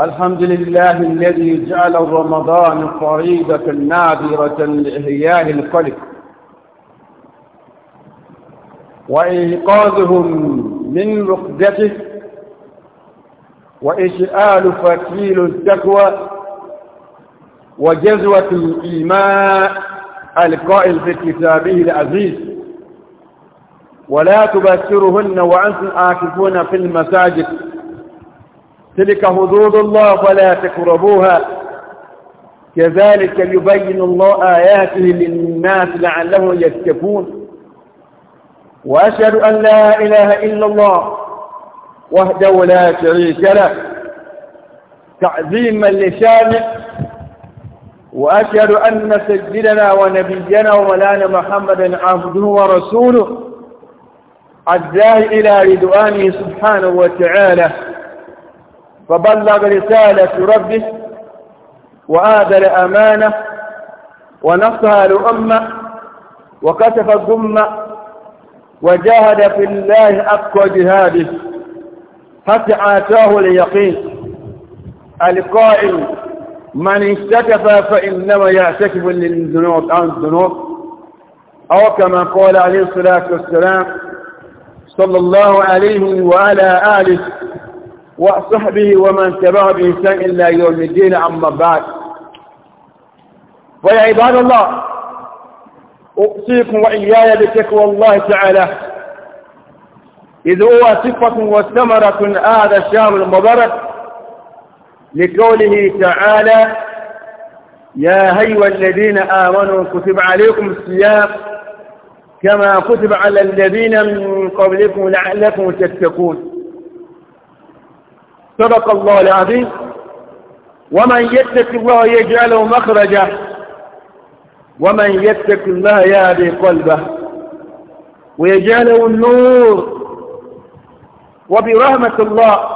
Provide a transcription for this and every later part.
الحمد لله الذي جعل رمضان فريضة نادرة لإحياء الخلق وإيقاظهم من رقدته وإشعال فتيل التقوى وجزوة الإيماء القائل في كتابه العزيز ولا تبشرهن وأنتم آكفون في المساجد تلك حدود الله فلا تقربوها كذلك يبين الله آياته للناس لعلهم يتكفون وأشهد أن لا إله إلا الله وحده لا شريك له تعظيما لشانه وأشهد أن سجدنا ونبينا ومولانا محمدا عبده ورسوله عزاه إلى رضوانه سبحانه وتعالى فبلغ رسالة ربه وآذى الأمانة ونصها لأمة وكتف الضمة وجاهد في الله أقوى جهاده حتى آتاه اليقين القائل من اكتكف فإنما يعتكف للذنوب عن الذنوب أو كما قال عليه الصلاة والسلام صلى الله عليه وعلى آله وصحبه ومن تبع بإنسان إلا يوم الدين عما بعد ويا عباد الله أوصيكم وإياي بتقوى الله تعالى إذ هو صفة وثمرة هذا الشهر المبارك لقوله تعالى يا أيها الذين آمنوا كتب عليكم الصيام كما كتب على الذين من قبلكم لعلكم تتقون صدق الله العظيم ومن يتق الله يجعله مخرجا ومن يتق الله يهدي قلبه ويجعله النور وبرحمة الله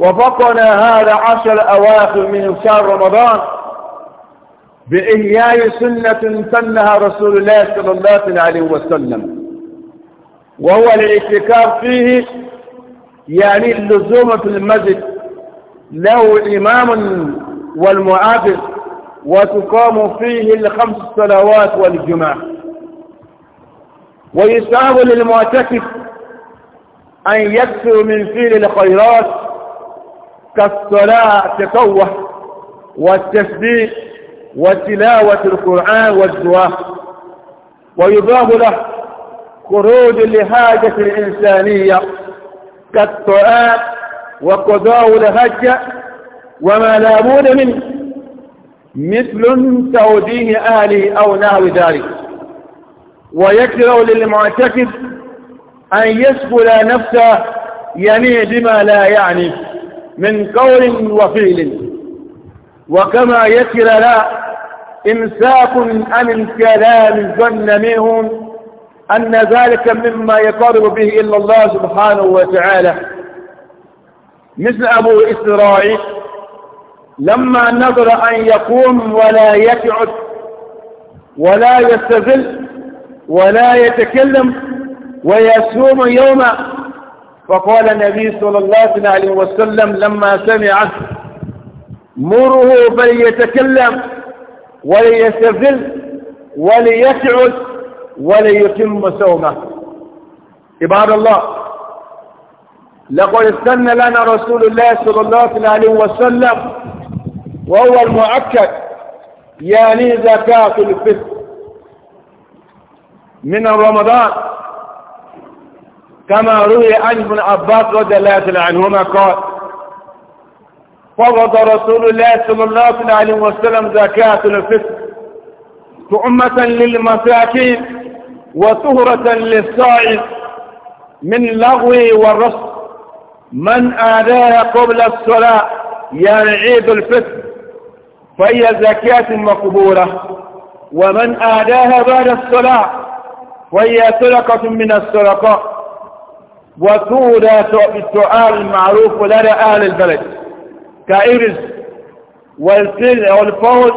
وفقنا هذا عشر أواخر من شهر رمضان بإحياء سنة سنها رسول الله صلى الله عليه وسلم وهو الاعتكاف فيه يعني اللزوم في المسجد له إمام والمعافر وتقام فيه الخمس صلوات والجمعة ويساب للمعتكف أن يكثر من فيه الخيرات كالصلاة تطوع والتسبيح وتلاوة القرآن والدعاء ويضاف له خروج لحاجة الإنسانية كالطعام وقضاء الهجة وما لا بد منه مثل توجيه أهله أو نحو ذلك ويكره للمعتقد أن يسبل نفسه يعني بما لا يعني من قول وفعل وكما يكل لا إمساك عن الكلام ظن منهم أن ذلك مما يقرب به إلا الله سبحانه وتعالى مثل أبو إسرائيل لما نظر أن يقوم ولا يقعد ولا يستذل ولا يتكلم ويصوم يوما فقال النبي صلى الله عليه وسلم لما سمعه مره فليتكلم وليستفز وليسعد وليتم صومه عباد الله لقد استنى لنا رسول الله صلى الله عليه وسلم وهو المؤكد يعني زكاة الفطر من رمضان كما روي عن ابن عباس رضي الله تعالى عنهما قال فرض رسول الله صلى الله عليه وسلم زكاة الفطر طعمة للمساكين وطهرة للصائم من لغو والرصد من آذاها قبل الصلاة يعني عيد الفطر فهي زكاة مقبولة ومن آذاها بعد الصلاة فهي سرقة من السرقات وتولى السؤال المعروف لدى أهل البلد كإرز والسلع والفوز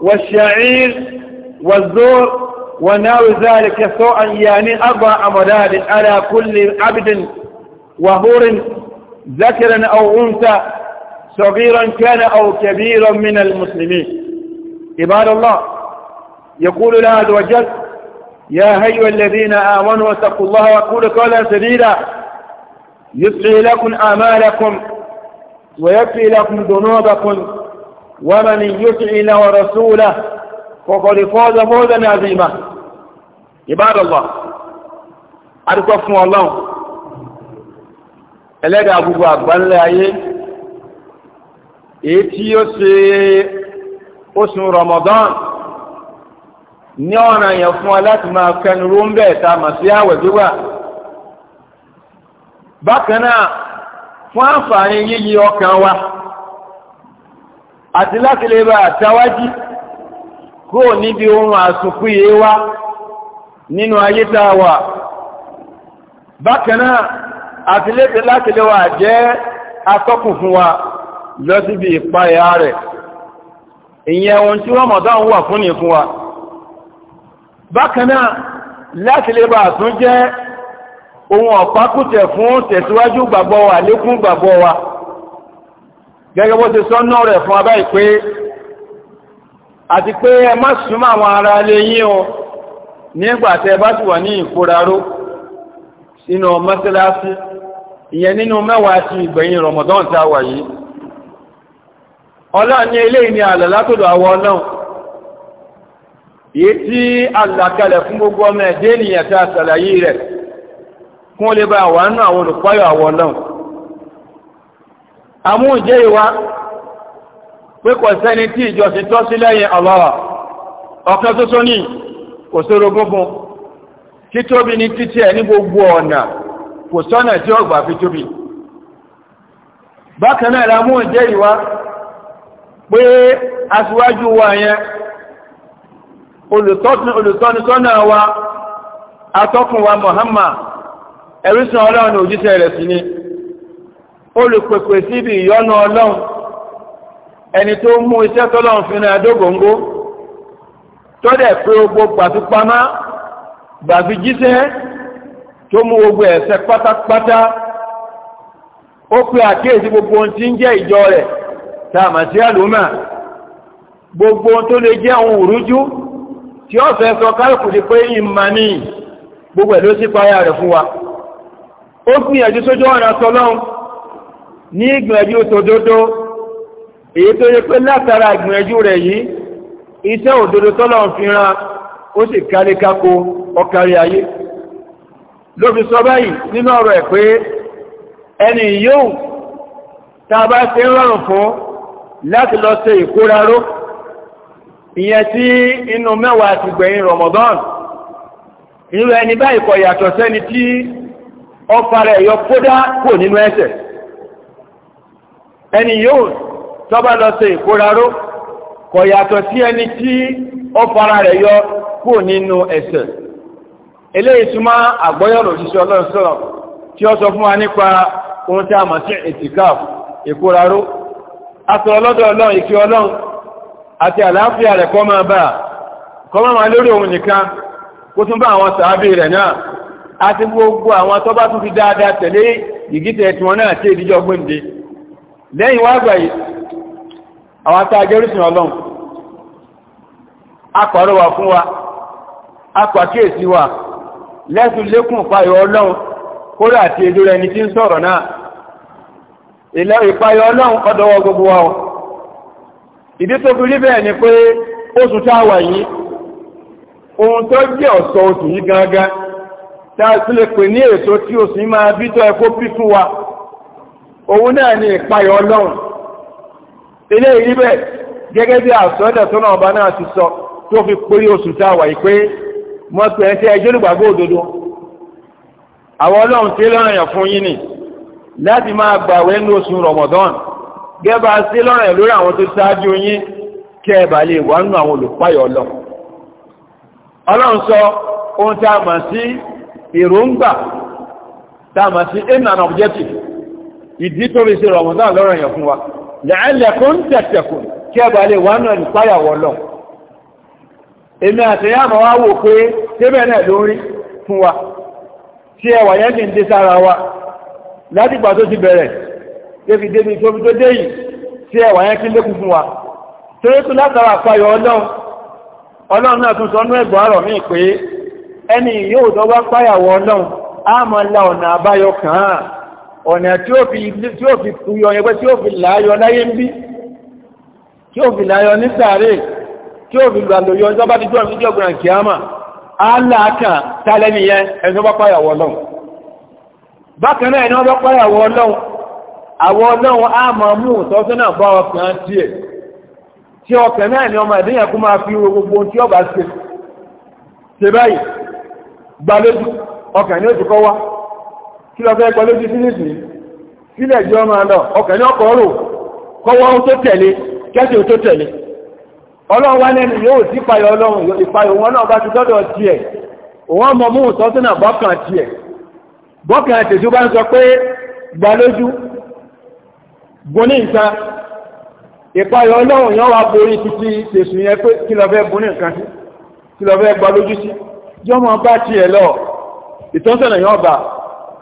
والشعير والزور وناوي ذلك سوءا يعني أربع أمداد على كل عبد وهور ذكرا أو أنثى صغيرا كان أو كبيرا من المسلمين عباد الله يقول الله عز وجل يا هيو الذين آمنوا واتقوا الله وقولوا قولا سديدا يصلح لكم آمالكم ويكفي لكم ذنوبكم ومن يطع له ورسوله فقد فاز فوزا عظيما عباد الله أرجو الله Ọlọ́run أبو gbogbo àgbáńlẹ̀ ayé èyí tí رمضان ní ọ̀ràn yẹn fún wa láti máa kẹnu ró ń bẹ̀ ta mà sí àwẹ̀ bákan náà fún àǹfààní yíyí ọkàn wa àti láti lè bá àtàwájí kúrò níbi ohun àsùnkúyè wa nínú ayé tá a wà. bákan náà àti láti lè wà jẹ́ atọ́kùn fún wa lọ síbi ìpayà rẹ̀ ìyẹn ohun tí wọ́n mọ̀ dáhùn wà fún ní fún wa. bákan náà láti lè bá àtún jẹ́ ohun ọ̀pákùtẹ̀ fún tẹ̀síwájú gbàgbọ́ wa lékún gbàgbọ́ wa gẹ́gẹ́ bó ti sọ́nà rẹ̀ fún abá ìpé àti pé ẹ má súnmọ́ àwọn ará ilé yín o nígbàtẹ́ bá ti wà ní ìkóraró sínú mọ́sálásí ìyẹn nínú mẹ́wàá ti ìgbẹ̀yìn Ramadan tá wà yìí ọlọ́ni ilé ìní àlọ́ látòdò àwọn èyí tí àlàkalẹ̀ fún gbogbo ọmọ ẹ̀dẹ́ ènìyàn tá a ṣàlàyé rẹ̀ kún lè bá wà nínú àwọn olùpáyọ̀ àwọ̀ náà àmúhùnjẹ́ ìwá pé kò sẹ́ni tí ìjọsìn tọ́ sí lẹ́yìn Allah ọ̀kan ṣoṣo ní kò sóró gúngun títóbi ní títí ẹ̀ ní gbogbo ọ̀nà kò sọ́nà tí ó fi tóbi bákan náà àmúhùnjẹ́ ìwá pé aṣíwájú wa yẹn olùtọ́nisọ́nà wa atọ́kùn wa Muhammad ẹ̀rísùn ọlọ́run òjíṣẹ́ rẹ̀ sí ni olùpèpè ibi ìyọ́nú ọlọ́run ẹni tó mú iṣẹ́ tọ́lọ́run fi náà dógóńgó tọ́dẹ̀ pé gbogbo gbàtúpamá gbàfi jíṣẹ́ tó mú gbogbo ẹ̀ṣẹ̀ pátápátá ó pe àkíyèsí gbogbo ohun tí ń jẹ́ ìjọ rẹ̀ gbogbo ohun tó lè tí ó fẹ́ sọ kálùkù di pé ìmà ní gbogbo ẹ̀ ló sí payá rẹ̀ fún wa ó gbìyànjú sójú ọ̀nà tọ́lọ́hun ní ìgbìyànjú tòdodo èyí tó yẹ pé látara ìgbìyànjú rẹ̀ yìí iṣẹ́ òdodo tọ́lọ́hun fi ran ó sì kárí kákó ọkàrí ayé ló fi sọ báyìí nínú ọ̀rọ̀ ẹ̀ pé ẹni yóò tá a bá ṣe ń rọrùn fún láti lọ ṣe ìkóraró ìyẹn tí inú mẹ́wàá ti gbẹ̀yìn Ramadan irú ẹni báyìí kò yàtọ̀ sẹ́ni tí ọfà rẹ̀ yọ kódá kò nínú ẹsẹ̀ ẹni yóò tọ́bá lọ sí ìkóraró kò yàtọ̀ sí ẹni tí ọfà rẹ̀ yọ kò nínú ẹsẹ̀ eléyìí súnmọ́ àgbọ́yọ̀rọ̀ òṣìṣẹ́ ọlọ́run tí ó sọ fún wa nípa ohun tí a mọ̀ sí ìtìkáf ìkóraró aṣọ ọlọ́dọ̀ ọlọ́run ìkí ọlọ́run àti àlàáfíà rẹ̀ kọ́ máa bá kọ́ máa máa lórí òun nìkan kó tún bá àwọn sàábì rẹ̀ náà àti gbogbo àwọn tó bá tún fi dáadáa tẹ̀lé ìgítẹ̀ tí wọn náà tí ìdíjọ́ gbóǹde lẹ́yìn wá gbà yìí àwọn àtàjẹ́ orísun ọlọ́run akọ̀rọ̀wà fún wa akọ̀kíyèsí wa lẹ́sùn lékùn ìpayọ̀ ọlọ́run kóró àti èdè rẹ̀ ní tí ń sọ̀rọ̀ náà ìpayọ̀ ọlọ́run ọdọwọ́ gbogbo wa ọ̀ ìdí tó fi rí bẹ́ẹ̀ ni pé oṣù táwà yìí ohun tó jẹ́ ọ̀sọ̀ oṣù yìí gangan tá a sílẹ̀ pè ní ètò tí oṣù yìí máa bí tó ẹkó bí fún wa òun náà ni ìpayọ̀ ọlọ́run ilé ìrí bẹ́ẹ̀ gẹ́gẹ́ bí àsọ́dẹ̀ tó náà bá náà ti sọ tó fi péré oṣù táwà yìí pé mo pè é sí ẹjọ́ olùgbàgbọ́ òdodo àwọn ọlọ́run tí lọ́rọ̀ yàn fún yín ni láti máa gbàwé ní oṣù Ramadan gẹ́bà sí lọ́rọ̀ ìlú àwọn tó ṣáájú yín kẹ́ ẹ̀bà lè wà nínú àwọn olùpáyọ̀ lọ ọlọ́run sọ ohun tá a mọ̀ sí èròǹgbà tá a mọ̀ sí aim and objective ìdí tó fi ṣe rọ̀mọ̀dán lọ́rọ̀ èèyàn fún wa la'allakum tattaqun kí ẹ̀bà lè wà nínú olùpáyàwọ̀ débi débi tóbi tó dé yìí tí ẹwà yẹn kí lékun fún wa torí látara àpayọ ọlọ́run ọlọ́run náà tún sọnú ẹ̀gbọ́n pé ẹni yóò tó bá ọlọ́run á la ọ̀nà àbáyọ kàn án ọ̀nà tí ó fi tí ó fi kuyọ yẹn pé tí ó fi láyọ láyé ń bí tí ó fi láyọ ní sàárè tí ó fi ọjọ́ bá ti gbọ̀ràn á là á kàn ẹni tó bá ọlọ́run bákan náà ẹni wọ́n bá àwọn ọlọ́run a ma mú ìtọ́sọ́nà bá ọkàn tiẹ̀ tí ọkàn náà ni ọmọ ìdíyàn máa fi wo gbogbo tí ọba ṣe ṣe báyìí gbalójú ọkàn ní kọ́ wá kí lọ fẹ́ gbalójú sí sílẹ̀ jọ máa lọ ọkàn ní ọkọ̀ rò kọ́wọ́ tó tẹ̀lé kẹ́sì tó tẹ̀lé ọlọ́run wá lẹ́nu yóò sí ọlọ́run wọn náà bá ti òun ọmọ mú ìtọ́sọ́nà bọ́kàn bọ́kàn bá ń sọ bóní nǹkan ìpayọ̀ ọlọ́run yẹn wà borí títí tèṣù yẹn pé kí lọ fẹ́ bóní nǹkan sí kí lọ fẹ́ gba lójú sí yọ́ mọ bá tiẹ̀ e lọ ìtọ́sọ̀nà yọ́ bá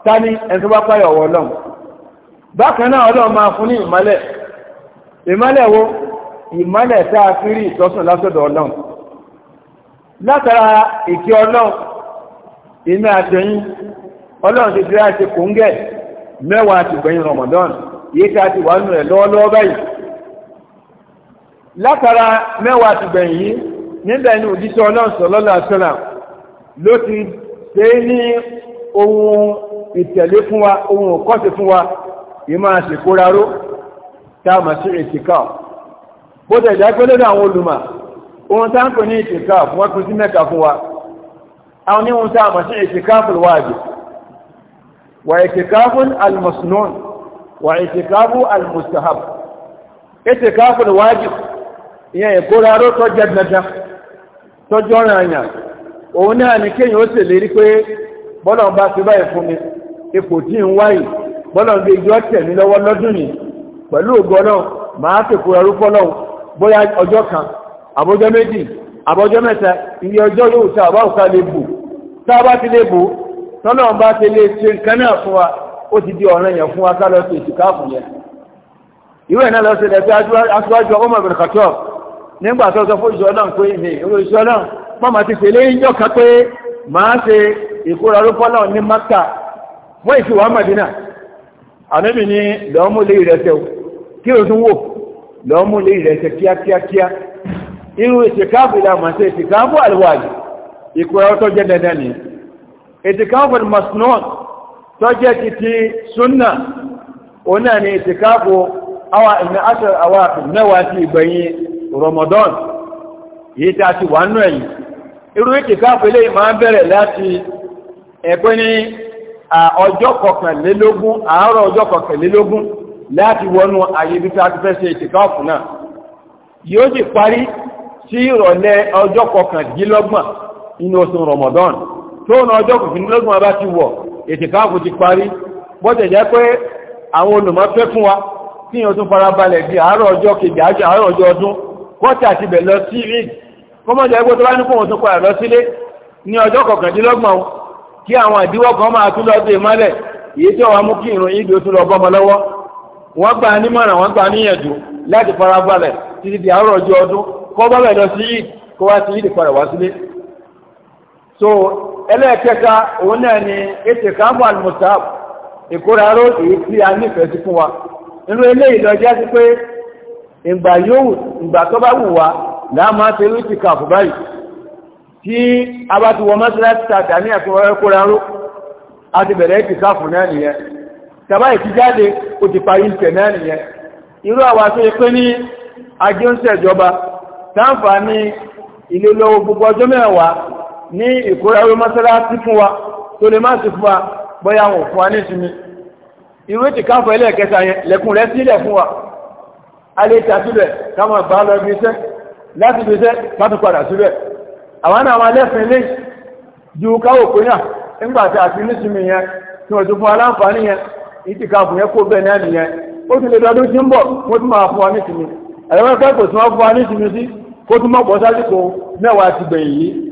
ta ní ẹni tó bá payọ̀ ọwọ́ ọlọ́run bákan náà ọlọ́run máa fún ní ìmọ́lẹ̀ ìmọ́lẹ̀ wo ìmọ́lẹ̀ tá a fi rí ìtọ́sùn lásọ̀dọ̀ ọlọ́run látara ìkẹ́ ọlọ́run ìmẹ́ àtẹ̀yìn ọlọ́run ti fi ráṣẹ kòńgẹ́ mẹ́wàá àtìgbẹ̀yìn Ramadan yìí ká ti wà nù ẹ̀ lọ́wọ́lọ́wọ́ báyìí látara mẹ́wàá ti gbẹ̀yìn yìí níbẹ̀ ni òjíṣẹ́ ọlọ́run sọ̀lọ́lá sọ́là ló ti ṣe ní ohun ìtẹ̀lé fún wa ohun òkọ́sí fún wa ìmọ̀ àṣekóraró tá a mà sí ètìká bó tẹ̀ jẹ́ pé lọ́dọ̀ àwọn olùmọ̀ ohun tá ń pè ní ètìká wọ́n pín sí mẹ́ta fún wa àwọn oníhun tá a mà sí ètìká fún wáàdì wà ètìká fún almasnon wa ìtìkáfù almustahab ìtìkáfù wajib ìyẹn ìkóraró tó jẹ́ dandan tó jọ́rọ̀ àyàn òun ni kéyìn ó sì lérí pé bọ́lọ̀ bá ti báyìí fún mi ipò tí ń wáyìí bọ́lọ̀ bí ìjọ tẹ̀ mí lọwọ lọ́dún pẹ̀lú ògo náà máa fi kúrò ọjọ kan iye ọjọ yóò ta a ti ti ṣe náà fún ó ti di ọ̀ràn yẹn fún aká lọ sí ìtìkáàfù yẹn ìwé náà lọ sí ilẹ̀ pé aṣíwájú ọmọ ìbẹ̀rẹ̀ kàtọ́ nígbà tó sọ fún ìṣọ́ náà pé ní ìwé ìṣọ́ náà mọ́mà ti fi léyìn jọ ká pé máa ṣe ìkóra rúpọ́ náà ní Mákà wọ́n ìfi wà Mádínà àníbi ni lọ́mú lé ìrẹsẹ̀ kí o tún wò lọ́mú lé ìrẹsẹ̀ kíákíákíá irú ìtìkáàfù ìlàmà ṣe ìtìkáàfù àlùwàjì ìkóra tó jẹ́ dandan ni ìtìkáàfù mọ̀sánọ́ọ̀tì tọ́jẹ́ ti ti súnnà òun náà ni ìtìkáàbò awa ìrìn àṣà àwà mẹ́wàá ti ìgbẹ̀yìn Ramadan yìí tí a ti wà nù ẹ̀yìn irú ìtìkáàbò ilé máa ń bẹ̀rẹ̀ láti ẹ̀pẹ́ ní ọjọ́ kọkànlélógún àárọ̀ ọjọ́ kọkànlélógún láti wọnú ayé bí a ti fẹ́ ṣe ìtìkáàbò náà yóò sì parí sí ìrọ̀lẹ́ ọjọ́ kọkàndínlọ́gbọ̀n ètìkáàfù ti parí bọ́tẹ̀ jẹ́ pé àwọn olùmọ̀ fẹ́ fún wa kí yẹn tún fara balẹ̀ di àárọ̀ ọjọ́ kejì àjọ àárọ̀ ọjọ́ ọdún bọ́tẹ̀ àti bẹ̀ lọ sí rí kọ́mọ̀jẹ́ ẹgbẹ́ tó bá ní kóhun tó padà lọ sílé ní ọjọ́ kọkàndínlọ́gbọ̀n kí àwọn àdíwọ́ kan máa tún lọ dé mọ́lẹ̀ èyí tí wọ́n mú kí ìrùn ìdò tún lọ bọ́mọ kọ́ wá sí yìí padà wá sílé so ẹlẹ́ẹ̀kẹta òun náà ni ètè káàmù almusab ìkóraró èyí tí a nífẹ̀ẹ́ sí fún wa nínú ilé lọ jẹ́ sí pé ìgbà yóò ìgbà tó bá wù wá láàmà ti kàfù báyìí tí a bá ti wọ mọ́sílẹ́sì tàbí a ti bẹ̀rẹ̀ náà nìyẹn tàbá ó ti parí ní ìkóràwé mọ́sálásí fún wa tó lè máa sì fún wa bọ́yá wọn fún wa ní ìsinmi irú ètì káfọ́ ilẹ̀ kẹta yẹn lẹ́kùn rẹ̀ sílẹ̀ fún wa a lè tà sílẹ̀ káwọn bá lọ ibi iṣẹ́ láti ibi iṣẹ́ láti padà sílẹ̀ àwọn náà wọn lẹ́sìn ilé ju káwọ̀ pé náà nígbà tí àti nísìmí yẹn tí wọ́n tún fún aláǹfààní yẹn ìtì káfọ́ yẹn kó bẹ́ẹ̀ náà nìyẹn ó ti lè dọdún tí ń bọ̀ wọ́n tún máa fún wa nísìmí ẹ̀rọ ẹ̀kọ́ ìkòtún wọn fún wa nísìmí sí kó tún mọ̀ pọ̀ sásìkò mẹ́wàá ti gbẹ̀yìn yìí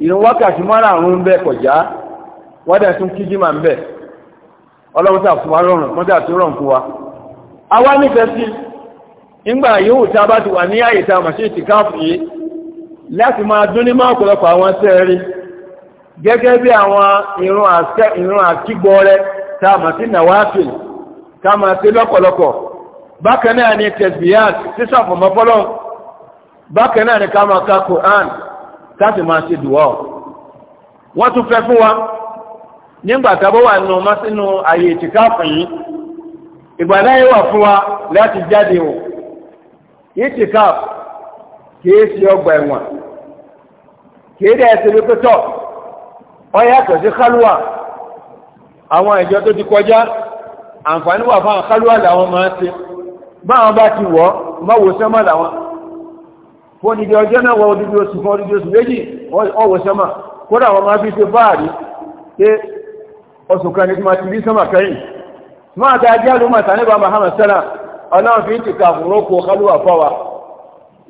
ìrun wákàtí márààrún ń bẹ kọjá wádà tún kíjímà ń bẹ ọlọ́run tà fún wa rọrùn mọ́tà tó rọrùn fún wa a wá nífẹ̀ẹ́ sí ìgbà yòówù tá a bá ti wà ní àyè tá a màṣí ìtìkáàfù yìí láti máa dún ní mọ́ ọ̀pọ̀lọpọ̀ àwọn sẹ́ẹ̀rí gẹ́gẹ́ bí àwọn ìrun àkígbọ́ọ̀rẹ́ tá a màṣí nàwáàfì tá a màṣí lọ́pọ̀lọpọ̀ máa ka káfí máa ṣe dùwọ́ wọ́n tún fẹ́ fún wa nígbà tábọ́ wà nínú mọ́sínú ààyè ìtìkáàfù yìí ìgbà láyé wà fún wa láti jáde o ìtìkáàfù kìí ṣe ọgbà ẹ̀wọ̀n kìí dẹ̀ ṣe wípé tọ̀ ọ yàtọ̀ sí kálúwà àwọn ìjọ tó ti kọjá àǹfààní wà fáwọn kálúwà làwọn máa ń ṣe báwọn bá ti wọ̀ ọ́ mọ́wòsánmọ́ làwọn wọ́n dìde ọjọ́ náà wọ́n dìde oṣù kan dìde oṣù méjì ọwọ́ sẹ́mà kódà wọ́n máa fi ṣe báàrí pé oṣù kan ní máa ti rí sẹ́mà kẹ́yìn máa ta ajé àlùmọ̀ sànẹ́bà Muhammad sẹ́nà ọlọ́run fi ń ti ka àfòrò kó kálúwà fáwa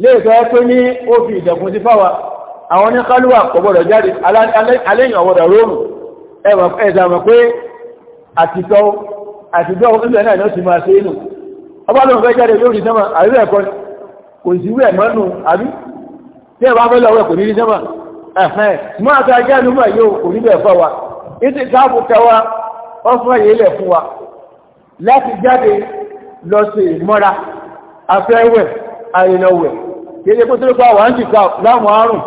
lè sọ pé ní ó fi ìdẹ̀kùn sí fáwa àwọn ní kálúwà kò gbọdọ̀ àtìtọ́ àtìtọ́ ọkùnrin náà ti máa ṣe inú ọba fẹ́ jáde lórí sẹ́mà àríwẹ̀ ẹ̀kọ́ kò sí wẹ̀ mọ́nù àbí tí ẹ̀bá kò ní rí sẹ́mà àlúmọ̀ yóò kò ní bẹ̀ fọ́ wa ìtì káàbù tẹwa ọ́fún ẹ̀yẹ ilẹ̀ fún wa láti jáde lọ sí ìmọ́ra afẹ́wẹ̀ àìlọ́wẹ̀ kéde kó tó pa wà ń láwọn àrùn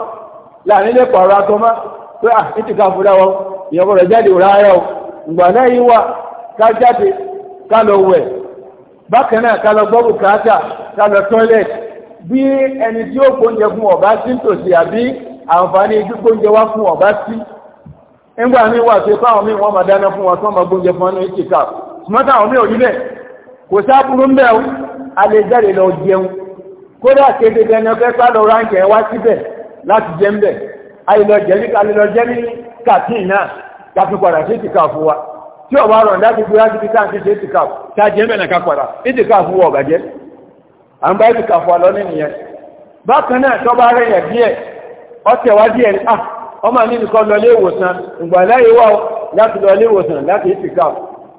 láàrin ilé pààrọ̀ atọ́mọ́ pé à ìtì káàbù dáwọ́ ìyẹ̀wò rẹ̀ jáde o ìgbà náà bí ẹni tí ó gbóúnjẹ fún ọ̀bá sí tòsí àbí àǹfààní gbígbóúnjẹ wá fún ọ̀bá sí nígbà míì wà sí fáwọn míì wọ́n máa dáná fún wọn tí wọ́n máa gbóúnjẹ fún wọn ní ìkìkà ṣùgbọ́n táwọn míì ò rí bẹ́ẹ̀ kò ń a lè jáde lọ jẹun kódà kéde dẹni ọkẹ́ pálọ̀ ráńkẹ́ wá síbẹ̀ láti jẹ́ ní wa tí rọ̀ gbé láti fi káàkiri sí ìtìkà wa à ń bá ìdìkà fún alọ́ nìyẹn bákan náà tọ́ rẹ̀ yẹn díẹ̀ ọ̀tẹ̀ wá díẹ̀ ní ah ọmọ mi nìkan lọ ilé ìwòsàn ìgbà láyé wà láti lọ ilé ìwòsàn láti ìtìkà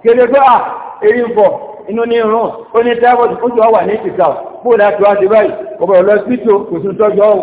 kéde pé ah èyí ń bọ̀ inú ní irun ó ní tábọ̀dù ó ti wà ní ìtìkà bó láti wá sí báyìí lọ kò sí tọ́jú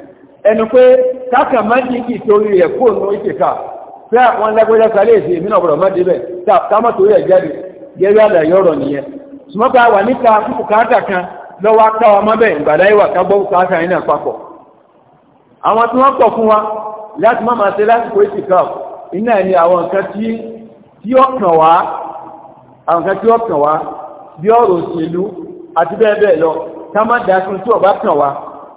ẹnu pé káàkà májìkì torí rẹ̀ fóònù ìṣèkà fẹ́ àwọn lágbẹ́já sáré èsì ìmìnà ọ̀bọ̀rọ̀ má débẹ̀ táàmọ́ torí ẹ̀ jáde gẹ́gẹ́ àlàyé ọ̀rọ̀ nìyẹn ṣùgbọ́n wà níta kúkú káàkà kan lọ́wọ́ káwa mọ́bẹ̀ ìgbàdá ìwà kágbọ́ káàkà wa láti má máa ṣe lásìkò ìṣèkà iná ni àwọn nǹkan tí ó kàn wá àwọn kan tí ó ká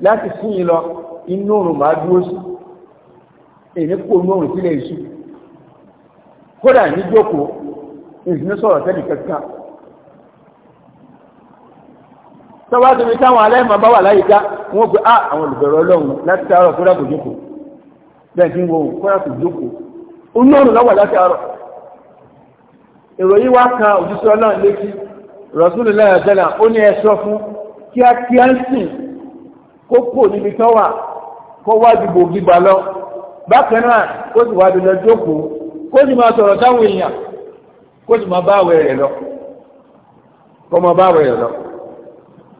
láti fún yìí lọ inú òrùn máa dúró sí èyí kò ní òrùn sílẹ̀ ìṣú kódà ní jókòó ìsinmi sọ̀rọ̀ sẹ́ni kankan tọ́wájú mi táwọn aláìmọ̀ bá wà láyìíká wọ́n pe á ah, àwọn olùbẹ̀rọ ọlọ́run láti sáárọ̀ kódà kò jókòó bẹ́ẹ̀ tí ń wo òun kódà sìn kó kò níbi tán wà kó wá dìbò gbígbà lọ bákan náà kó sì wá dandan jókòó kó sì máa sọ̀rọ̀ táwọn èèyàn kó sì máa bá àwẹ̀ rẹ̀ lọ kó máa bá àwẹ̀ rẹ̀ lọ.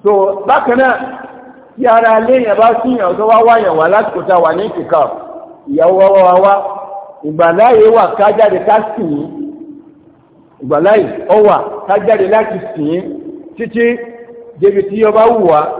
so bákan náà tí ara léèyàn bá síyàn tó wá wáyàn wá lásìkò tá a wà ní kíkà ìyàwó wá wá wá ìgbàláyé wà ká jáde ká sì yín ìgbàláyé ọ wà ká jáde láti sì yín títí débi tí ọba wù wá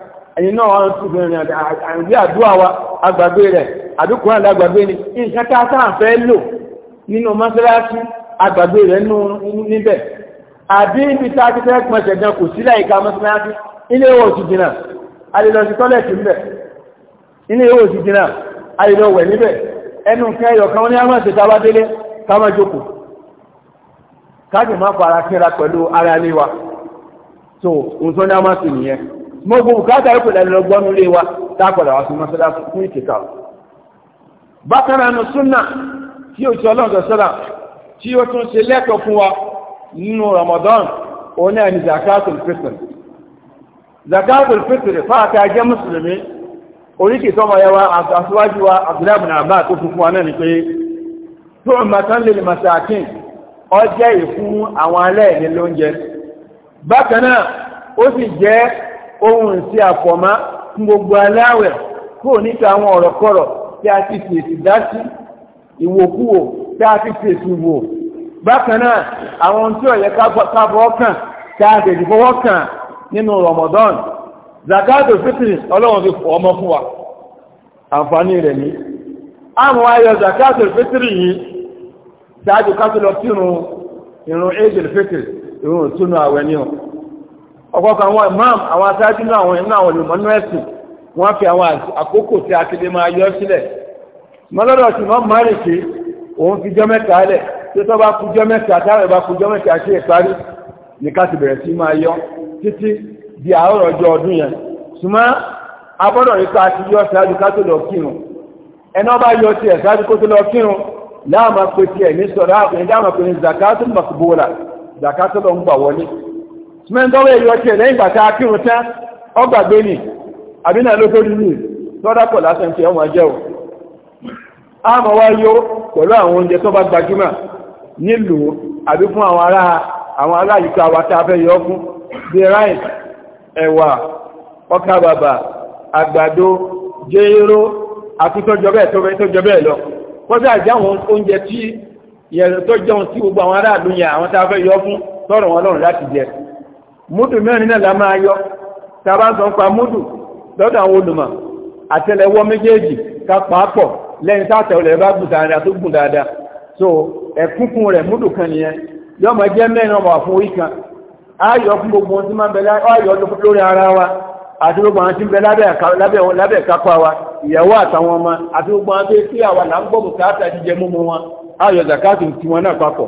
ẹ̀yìn náà wọ́n tún bẹ̀rẹ̀ àgbé àdúrà agbàgbé rẹ̀ àdúkùnrin àdàgbàgbé ni nǹkan tá a sáà fẹ́ lò nínú mọ́sálásí agbàgbé rẹ̀ níbẹ̀ àbí ibi tá a ti fẹ́ pọn ẹ̀sẹ̀ kò sí láyìíká mọ́sálásí ilé ìwọ̀ òsì jìnnà alìlọ́sí tọ́lẹ̀tì níbẹ̀ ilé ìwọ̀ òsì jìnnà alìlọ́wẹ̀ níbẹ̀ ẹnu kẹyọ kan ní àwọn mo gbọ́ bùkátà yóò pẹ̀lú ẹlọgbọ́n nílé wa tá a padà wá sí mọ́sálásí fún ìtìkà o bákan náà nù súnà tí ó ti ọlọ́dọ̀ sọ́dà tí ó tún ṣe lẹ́tọ̀ fún wa nínú Ramadan òun náà ni zakatul fitr zakatul fitr fáàkà jẹ́ mùsùlùmí oríkì sọmọ yẹ wa aṣíwájú wa abdullahi bin abbas tó fún wa náà ni pé tó ń matan lè masakin ọjẹ́ ìfún àwọn alẹ́ ìlú oúnjẹ bákan náà ó sì jẹ́ ohun isi àfọ̀má fún gbogbo aláwẹ̀ kúrò níta àwọn ọ̀rọ̀ tí a ti fèsì dá sí ìwòkúwò tí a ti fèsì wò bákan àwọn tí ó yẹ tí a tètè fọwọ́ kàn nínú Ramadan zakato fitri ọlọ́run fi ọmọ fún wa àǹfààní rẹ̀ ní ayọ̀ zakato fitri yìí ṣáájú sínú ọ̀kọ̀ọ̀kan àwọn imam àwọn aṣáájú náà àwọn ìmọ̀ àwọn olùmọ̀nú ẹ̀sìn wọ́n fi àwọn àkókò tí a kéde máa yọ sílẹ̀ mọ́lọ́dọ̀ tí wọ́n máa rè pé òun fi jọ́ mẹ́ta lẹ̀ tí tó bá kú jọ́ mẹ́ta táwọn ìbá kú jọ́ mẹ́ta ṣe ìparí nìkan ti bẹ̀rẹ̀ sí máa yọ títí di àárọ̀ ọjọ́ ọdún yẹn ṣùgbọ́n abọ́dọ̀ rí ká ti yọ ṣáájú ká tó lọ kírun ẹnà bá yọ tiẹ̀ ṣáájú kó tó lọ kírun láàmà pé tiẹ̀ ní sọ̀rọ̀ àpẹẹrẹ dáàmà pé ní zakatul makbula zakatul ń gbà wọlé mẹ́ńdọ́wọ́ èyí ọtí ẹ̀ lẹ́yìn ìgbà tá a kírun tán ọgbàgbé nì àbí náà ló tó dúdú lọ́dàpọ̀ lásán tí ọmọ jẹ́ o àmọ́ wá yó pẹ̀lú àwọn oúnjẹ tó bá gbajúmọ̀ nílùú àbí fún àwọn ará àwọn aláyíká wa tá a fẹ́ yọ fún bíi ráìn ẹ̀wà ọkà bàbà àgbàdo jéró àti bẹ́ẹ̀ tó bẹ́ẹ̀ tó jọ bẹ́ẹ̀ lọ kọ́sí àjẹ àwọn oúnjẹ tí yẹn tó jẹun tí gbogbo àwọn aráàlú yẹn àwọn tá a fẹ́ yọ fún tọrọ wọn lọ́rùn láti jẹ múdù mẹ́rin náà la máa yọ tàbá sọ pa múdù lọ́dọ̀ àwọn olùmọ̀ àtẹ́lẹwọ́ méjèèjì ká pàápọ̀ lẹ́yìn tàtẹ̀wọ̀lẹ̀ bá gùn dáadáa tó gùn dáadáa so ẹ̀kúnkún rẹ̀ múdù kan nìyẹn yọmọ jẹ́ mẹ́rin ọmọ fún orí kan ayọ̀ fún gbogbo ohun tí máa ń ayọ̀ lórí ara wa àti gbogbo àwọn tí ń bẹ lábẹ́ kápá wa ìyàwó àtàwọn ọmọ àti gbogbo àwọn tó ń fi na là ń gbọ́ bùkátà jíjẹ múmu wọn ayọ̀ zakatu tiwọn náà papọ̀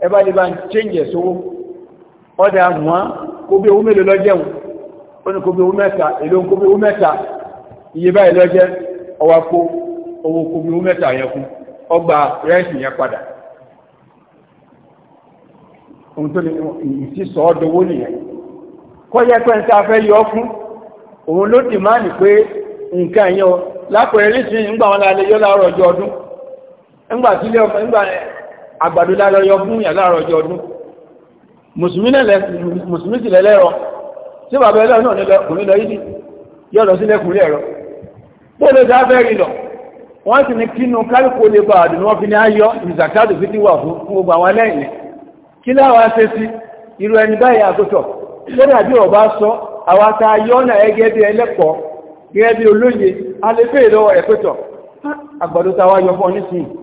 ẹba lè bá ń chẹ́ǹjẹ̀ sówó ọdá wọ́n kó bí owó mélòó lọ́jẹun ó ní kó bí owó mẹ́ta èlò kó bí owó mẹ́ta iye báyìí lọ́jẹ́ ọwá kó owó kó bí mẹ́ta yẹn kú ọgbà rẹ́ǹsì yẹn padà ohun tó ní ìsí sọ ọ́ dowó nìyẹn ń fẹ́ yọ fún òun ló dì máa nì pé nǹkan wọn lálẹ́ yọ láàárọ̀ ọjọ́ ọdún sílé àgbàdo lálọ́yọ fún yà láàrọ̀ ọjọ́ ọdún mùsùlùmí sì lẹ́lẹ́rọ tí bàbá ẹlọ́ náà nílọkùnrin lọ yìí yọ́ lọ sílẹ̀kùnrin ẹ̀rọ bóòlù ìdá fẹ́rí lọ wọ́n sì ní kínú kálùkù lè bá àdùn wọ́n fi ní ayọ́ ìzàkádù fi ti wà fún gbogbo àwọn lẹ́yìn kí láwọn ṣe sí irú ẹni báyìí àkótọ̀ lórí àbí ọba sọ àwọn ta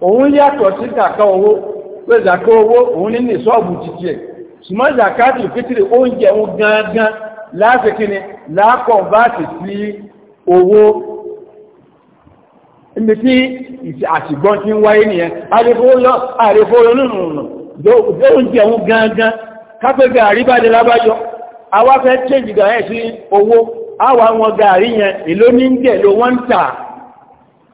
òun yàtọ̀ sí kàkà owó pé zàkà owó òun ní nìṣọ́ọ̀bù títí ẹ̀ ṣùgbọ́n zàkà ti oúnjẹ òun gangan láti kíni sí owó ibi tí àṣìgbọ́n ti ń wáyé nìyẹn àrífóòrò nínú onye gangan tẹ́jì gàrí sí owó àwọn gàrí yẹn èló ní ń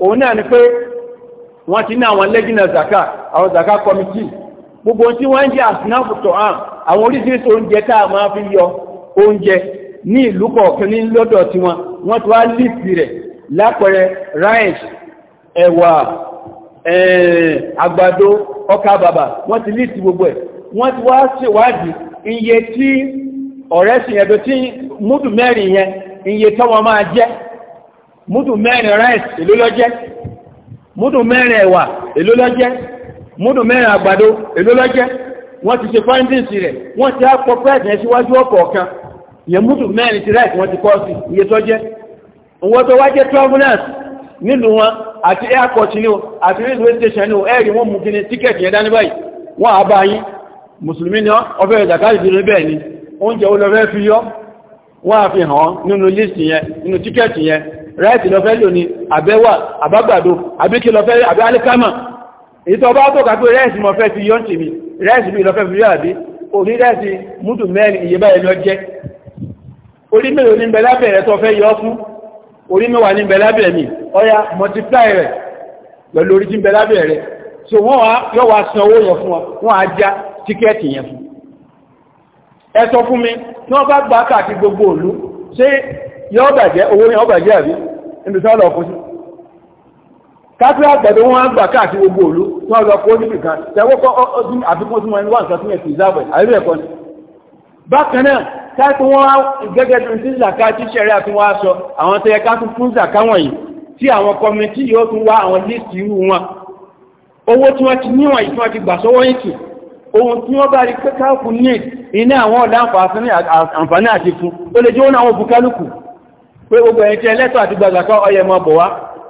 òun náà ni pé wọ́n ti ní àwọn lẹ́gìnà zaka àwọn zaka committee gbogbo tí wọ́n ń jẹ́ àsìnáàfù tọ̀ àwọn oríṣiríṣi oúnjẹ tá ma fi yọ oúnjẹ ní ìlú kọ̀ọ̀kan ní lọ́dọ̀ tí wọn wọ́n ti wá líìsì rẹ̀ lápẹẹrẹ rice ẹ̀wà eh, àgbàdo ọkà bàbà wọ́n ti líìsì gbogbo ẹ̀ wọ́n ti wá ṣèwádìí iye tí ọ̀rẹ́sìn ẹ̀dọ̀ tí múdù mẹ́rin yẹn iye máa jẹ́ múdù mẹ́rin rice èló ló jẹ́ múdù mẹ́rin ẹ̀wà èló ló jẹ́ múdù mẹ́rin àgbàdo èló ló jẹ́ wọ́n ti ṣe fáńdíǹsì rẹ̀ wọ́n ti á kọ price yẹn síwájú ọ̀kọ̀ọ̀kan ìyẹn múdù mẹ́rin ti rice wọ́n ti kọ́ sí iye tó jẹ́ òun tó wá jẹ́ travelers nílùú wọn àti airport ni o àti railway station ni o ẹ̀rí wọ́n mú kíni tíkẹ̀tì yẹn dání báyìí wọ́n á bá yín mùsùlùmí ni ọfẹ́ ìdàkárì ìdúró bẹ́ẹ̀ ni oúnjẹ olóòfẹ́ fi yọ wọ́n á fi hàn nínú lísì yẹn nínú ticket yẹn ráìtì lọ fẹ́ lò ní àbẹ́wà àbágbàdo àbíkí lọ fẹ́ àbẹ́ alikama èyí tó bá tó kàpé ráìtì mọ̀ fẹ́ fi yọ́n tì mí ráìtì mi lọ fẹ́ fi yọ́ àbí òní ráìtì múdù mẹ́rin iye báyìí lọ jẹ́ orí mélòó ní bẹ̀lábẹ̀ rẹ̀ tó fẹ́ yọ fún mi multiply rẹ̀ pẹ̀lú orí tí so wọ́n wa wọ́n á já tíkẹ́ẹ̀tì yẹn fún ẹ sọ fún mi tí wọ́n bá gbà káàkiri gbogbo òlu ṣé yọ́ bàjẹ́ owó ní ọbàjẹ́ àbí níbi tí wọ́n lọ fún sí kápẹ́ àgbẹ̀dẹ wọn á gbà káàkiri gbogbo òlu tí wọ́n lọ kó níbi kan tẹ́wọ́ kọ́ ọdún àfikún tí wọ́n wà nǹkan tí wọ́n ti ìzáàbẹ̀ àríwẹ̀ ẹ̀kọ́ ni bákan náà káàkiri wọn gẹ́gẹ́ bí ti zàká tí sẹ́rí àti wọn aṣọ àwọn tẹ́yẹ ká tún fún zàká wọ̀nyí tí àwọn kọmitì yóò tún wá àwọn líìsì irú wọn owó tí wọ́n ti níwọ̀n yìí tí wọ́n ti gbà sọ́wọ́ yìí kì ohun tí wọ́n bá rí pé káàkiri ní iná àwọn ọ̀dà àǹfààní àti fún ó lè jẹ́ òun àwọn òbúkálùkù pé gbogbo ẹni tí ẹlẹ́tọ̀ àti gbàgbàkọ́ ọyẹ mọ́ bọ̀ wá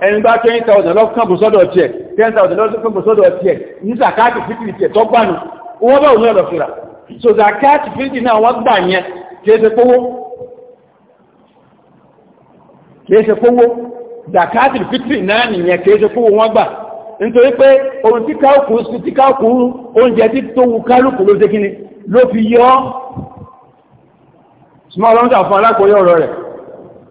ẹni bá 20,000 lọ́kànbù sọ́dọ̀ tiẹ̀ 10,000 lọ́kànbù sọ́dọ̀ tiẹ̀ ní zakati fitri tiẹ̀ tó gbánu wọ́n bá òun ọ̀dọ̀ fìrà so zakati fitri náà wọ́n gbà yẹn kéèṣe kówó kéèṣe kówó zakati fitri náà nìyẹn kéèṣe kówó wọ́n gbà nítorí pé ohun tí káàkù sí tí káàkù oúnjẹ tí tó wu kálùkù ló dé kíni ló fi yọ ọ́ small round of alákòóyọ̀ ọ̀rọ̀ rẹ̀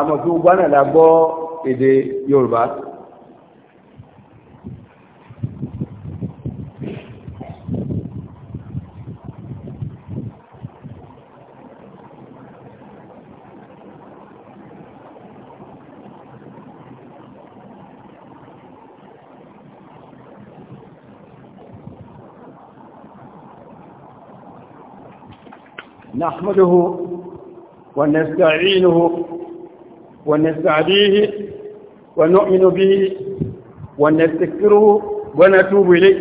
àmọ́ kí gbogbo náà gbọ́ èdè Yorùbá نحمده ونستعينه ونستعديه ونؤمن به ونستكره ونتوب إليه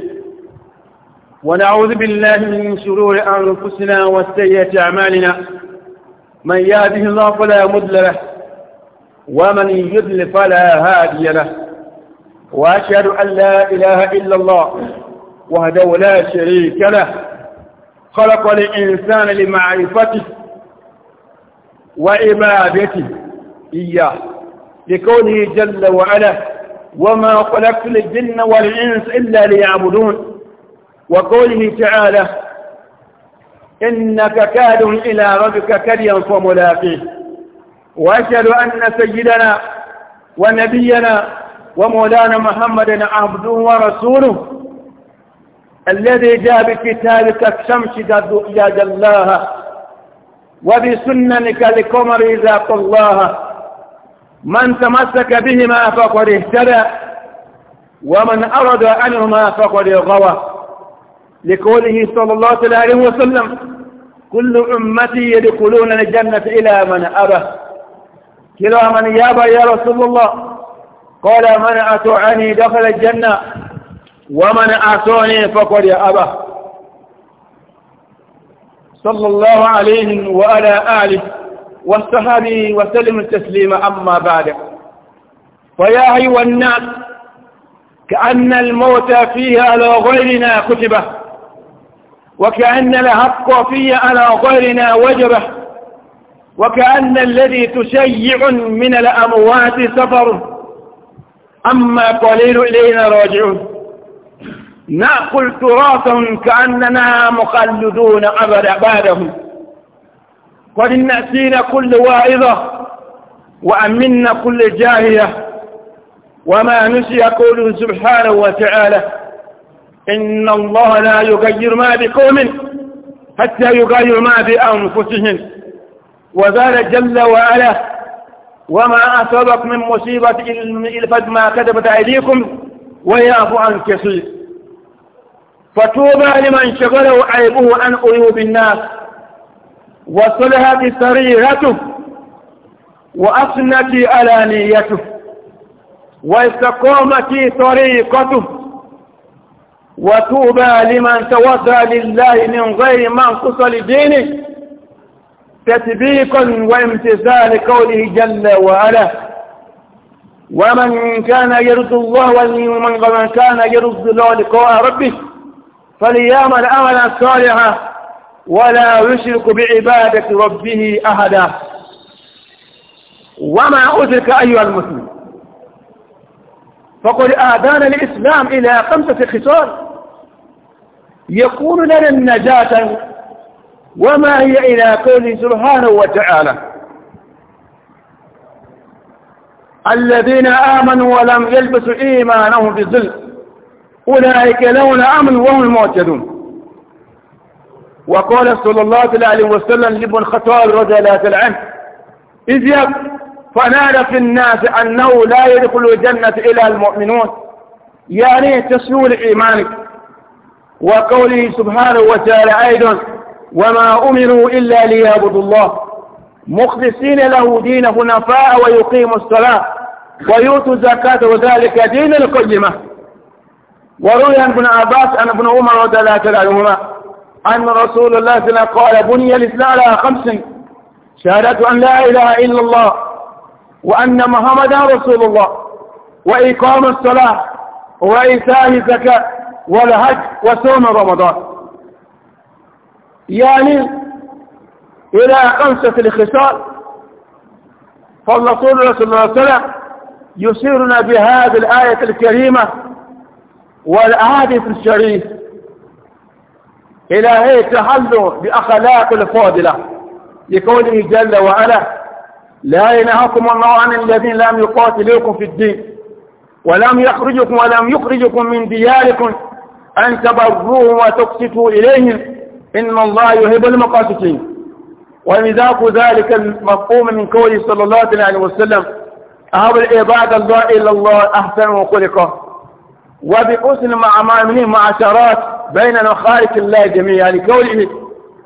ونعوذ بالله من شرور أنفسنا وسيئات أعمالنا من يهده الله فلا مضل له ومن يضل فلا هادي له وأشهد أن لا إله إلا الله وهده لا شريك له خلق الإنسان لمعرفته وإبادته إياه لكونه جل وعلا وما خلقت الجن والإنس إلا ليعبدون وقوله تعالى إنك كاد إلى ربك كريا فملاقيه وأشهد أن سيدنا ونبينا ومولانا محمدا عبده ورسوله الذي جاء بكتابك الشمس يا جلاها وبسننك لقمر إذا طلاها من تمسك بهما فقد اهتدى ومن أرد عنهما فقد غوى لقوله صلى الله عليه وسلم كل أمتي يدخلون الجنة إلى من أبى كلا من يابى يا رسول الله قال من أتعني دخل الجنة ومن أتعني فقد أبى صلى الله عليه وعلى آله والصحابي وسلم التسليم أما بعد ويا أيها الناس كأن الموت فيه على غيرنا كتبه وكأن الحق فيه على غيرنا وجبه وكأن الذي تشيع من الأموات سفره أما قليل إلينا راجعون نأكل تراثا كأننا مخلدون أبدا بعدهم قد نأتينا كل واعظة وأمنا كل جاهية وما نسي قوله سبحانه وتعالى إن الله لا يغير ما بقوم حتى يغير ما بأنفسهم وذال جل وعلا وما أصابك من مصيبة إلفد ما كتبت أيديكم ويعفو عن كثير فتوبى لمن شغله عيبه عن قلوب الناس وصلحت سريرته وأفنت ألانيته واستقامت طريقته وتوبى لمن توضى لله من غير منقص لدينه تتبيقا وامتثال قوله جل وعلا ومن كان يرد الله ومن كان يرد الله لقاء ربه فليعمل عملا صالحا ولا يشرك بعبادة ربه أحدا وما أدرك أيها المسلم فقل آذان الإسلام إلى خمسة خصال يكون لنا النجاة وما هي إلى قوله سبحانه وتعالى الذين آمنوا ولم يلبسوا إيمانهم بظلم أولئك لهم الأمن وهم المعتدون وقال صلى الله عليه وسلم لابن الخطاب رضي الله عنه اذهب فنال في الناس أنه لا يدخل الجنة إلا المؤمنون يعني تسلول إيمانك وقوله سبحانه وتعالى أيضا وما أمروا إلا ليعبدوا الله مخلصين له دين حنفاء ويقيموا الصلاة ويؤتوا الزكاة وذلك دين القيمة وروي عن ابن عباس عن ابن عمر رضي الله عنهما أن رسول الله صلى الله عليه وسلم قال بني الإسلام على خمس شهادة أن لا إله إلا الله وأن محمدا رسول الله وإقام الصلاة وإيتاء الزكاة والهج وصوم رمضان يعني إلى خمسة الخصال فالرسول صلى الله عليه وسلم يسيرنا بهذه الآية الكريمة والأحاديث الشريف إلى هي تحلوا بأخلاق الفاضلة لقوله جل وعلا لا ينهاكم الله عن الذين لم يقاتلوكم في الدين ولم يخرجكم ولم يخرجكم من دياركم أن تبروهم وتقسطوا إليهم إن الله يحب المقاسطين ومذاق ذلك المفهوم من قوله صلى الله عليه وسلم أهب العباد الله إلا الله أحسن وخلقه وبحسن مع معاملهم معشرات بين مخالق الله جميعا لقوله يعني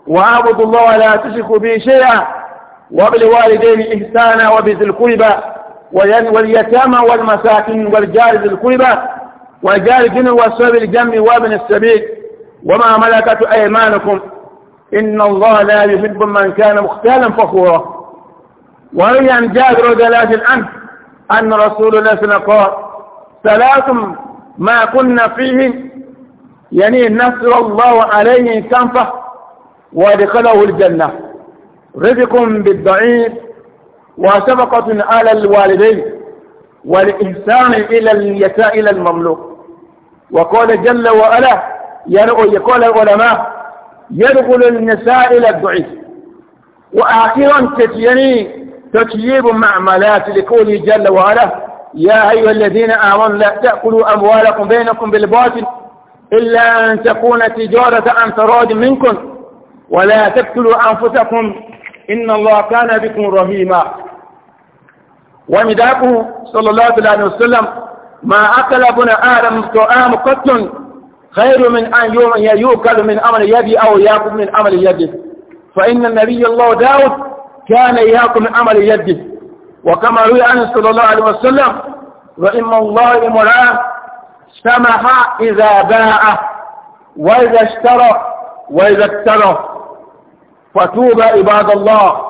واعبدوا الله ولا تشركوا به شيئا وبالوالدين إحسانا وبذي القربى واليتامى والمساكين والجار ذي القربى وجار الجن والسبب الجنب وابن السبيل وما ملكت أيمانكم إن الله لا يحب من كان مختالا فخورا وروي عن جابر رضي الله عنه أن رسول الله صلى الله عليه وسلم قال ثلاث ما كنا فيه يعني نصر الله عليه كنفه وادخله الجنة رزق بالضعيف وشفقة على الوالدين والإحسان إلى اليتاء إلى المملوك وقال جل وعلا يقول العلماء يدخل النساء إلى الضعيف وأخيرا تتيني تتييب معملات لقوله جل وعلا يا أيها الذين آمنوا لا تأكلوا أموالكم بينكم بالباطل إلا أن تكون تجارة عن تراد منكم ولا تقتلوا أنفسكم إن الله كان بكم رحيما ومداقه صلى الله عليه وسلم ما أكل ابن آدم طعام قط خير من أن يؤكل من أمر يدي أو يأكل من أمر يده فإن النبي الله داود كان يأكل من أمر يده وكما روي عنه صلى الله عليه وسلم وإما الله امرأة سمح إذا باع وإذا اشترى وإذا ابتلى فتوب عباد الله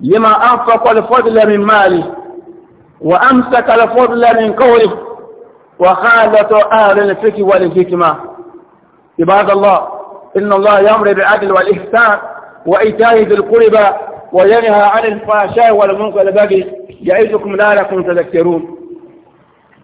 لما أنفق الفضل من ماله وأمسك الفضل من قوله وخالة أهل الفكر والحكمة عباد الله إن الله يأمر بالعدل والإحسان وإيتاء ذي القربى وينهى عن الفحشاء والمنكر والبغي يعظكم لعلكم تذكرون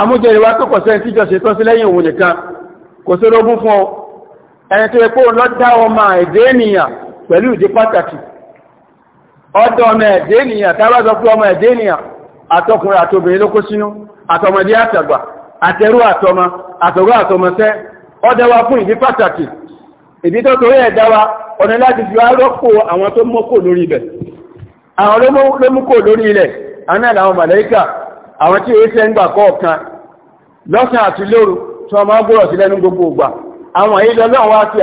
àmújẹrì wa kọ́kọ́ sẹ́yìn tíjọ ṣetán sí lẹ́yìn òun nìkan kò sórogún fún ọ ẹni tó epo lọ́dá ọmọ ẹ̀dẹ́ ènìyàn pẹ̀lú ìdí pàtàkì ọ̀dọ̀ ọmọ ẹ̀dẹ́ ènìyàn tábà sọ pé ọmọ ẹ̀dẹ́ ènìyàn àtọkùnrin àtobìnrin ló kó sínú àtọmọdé àtàgbà àtẹrú àtọmọ àtọrú àtọmọṣẹ ọdẹ wa fún ìdí pàtàkì ìdí tó torí ẹ̀dá wa ọ̀nà láti fi wá rọ́pò àwọn tó mọ́kò lórí ibẹ̀ àwọn ló mú kò lórí ilẹ̀ àná àwọn màlẹ́kà àwọn tí èyí tẹ́ ń gbà kọ̀ọ̀kan lọ́sàn àti lóru tí wọ́n máa gbọ́rọ̀ sí lẹ́nu gbogbo ògbà àwọn èyí lọ́lọ́run wá sí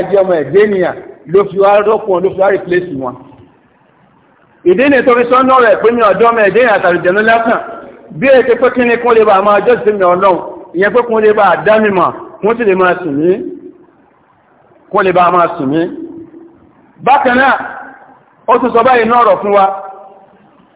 ẹjẹ́ ọmọ ẹ̀gbẹ́ ènìyàn ló fi wá rọ́pùn ló fi wá ni torí sọ́nà rẹ̀ pé mi ọ̀dọ́ ọmọ ẹ̀gbẹ́ ènìyàn àtàrí jẹ̀nu lásán bí èyí ti pé kí ni kún lè bá máa jọ́ sí mi ọlọ́run ìyẹn pé kún lè bá dá mi mọ̀ kún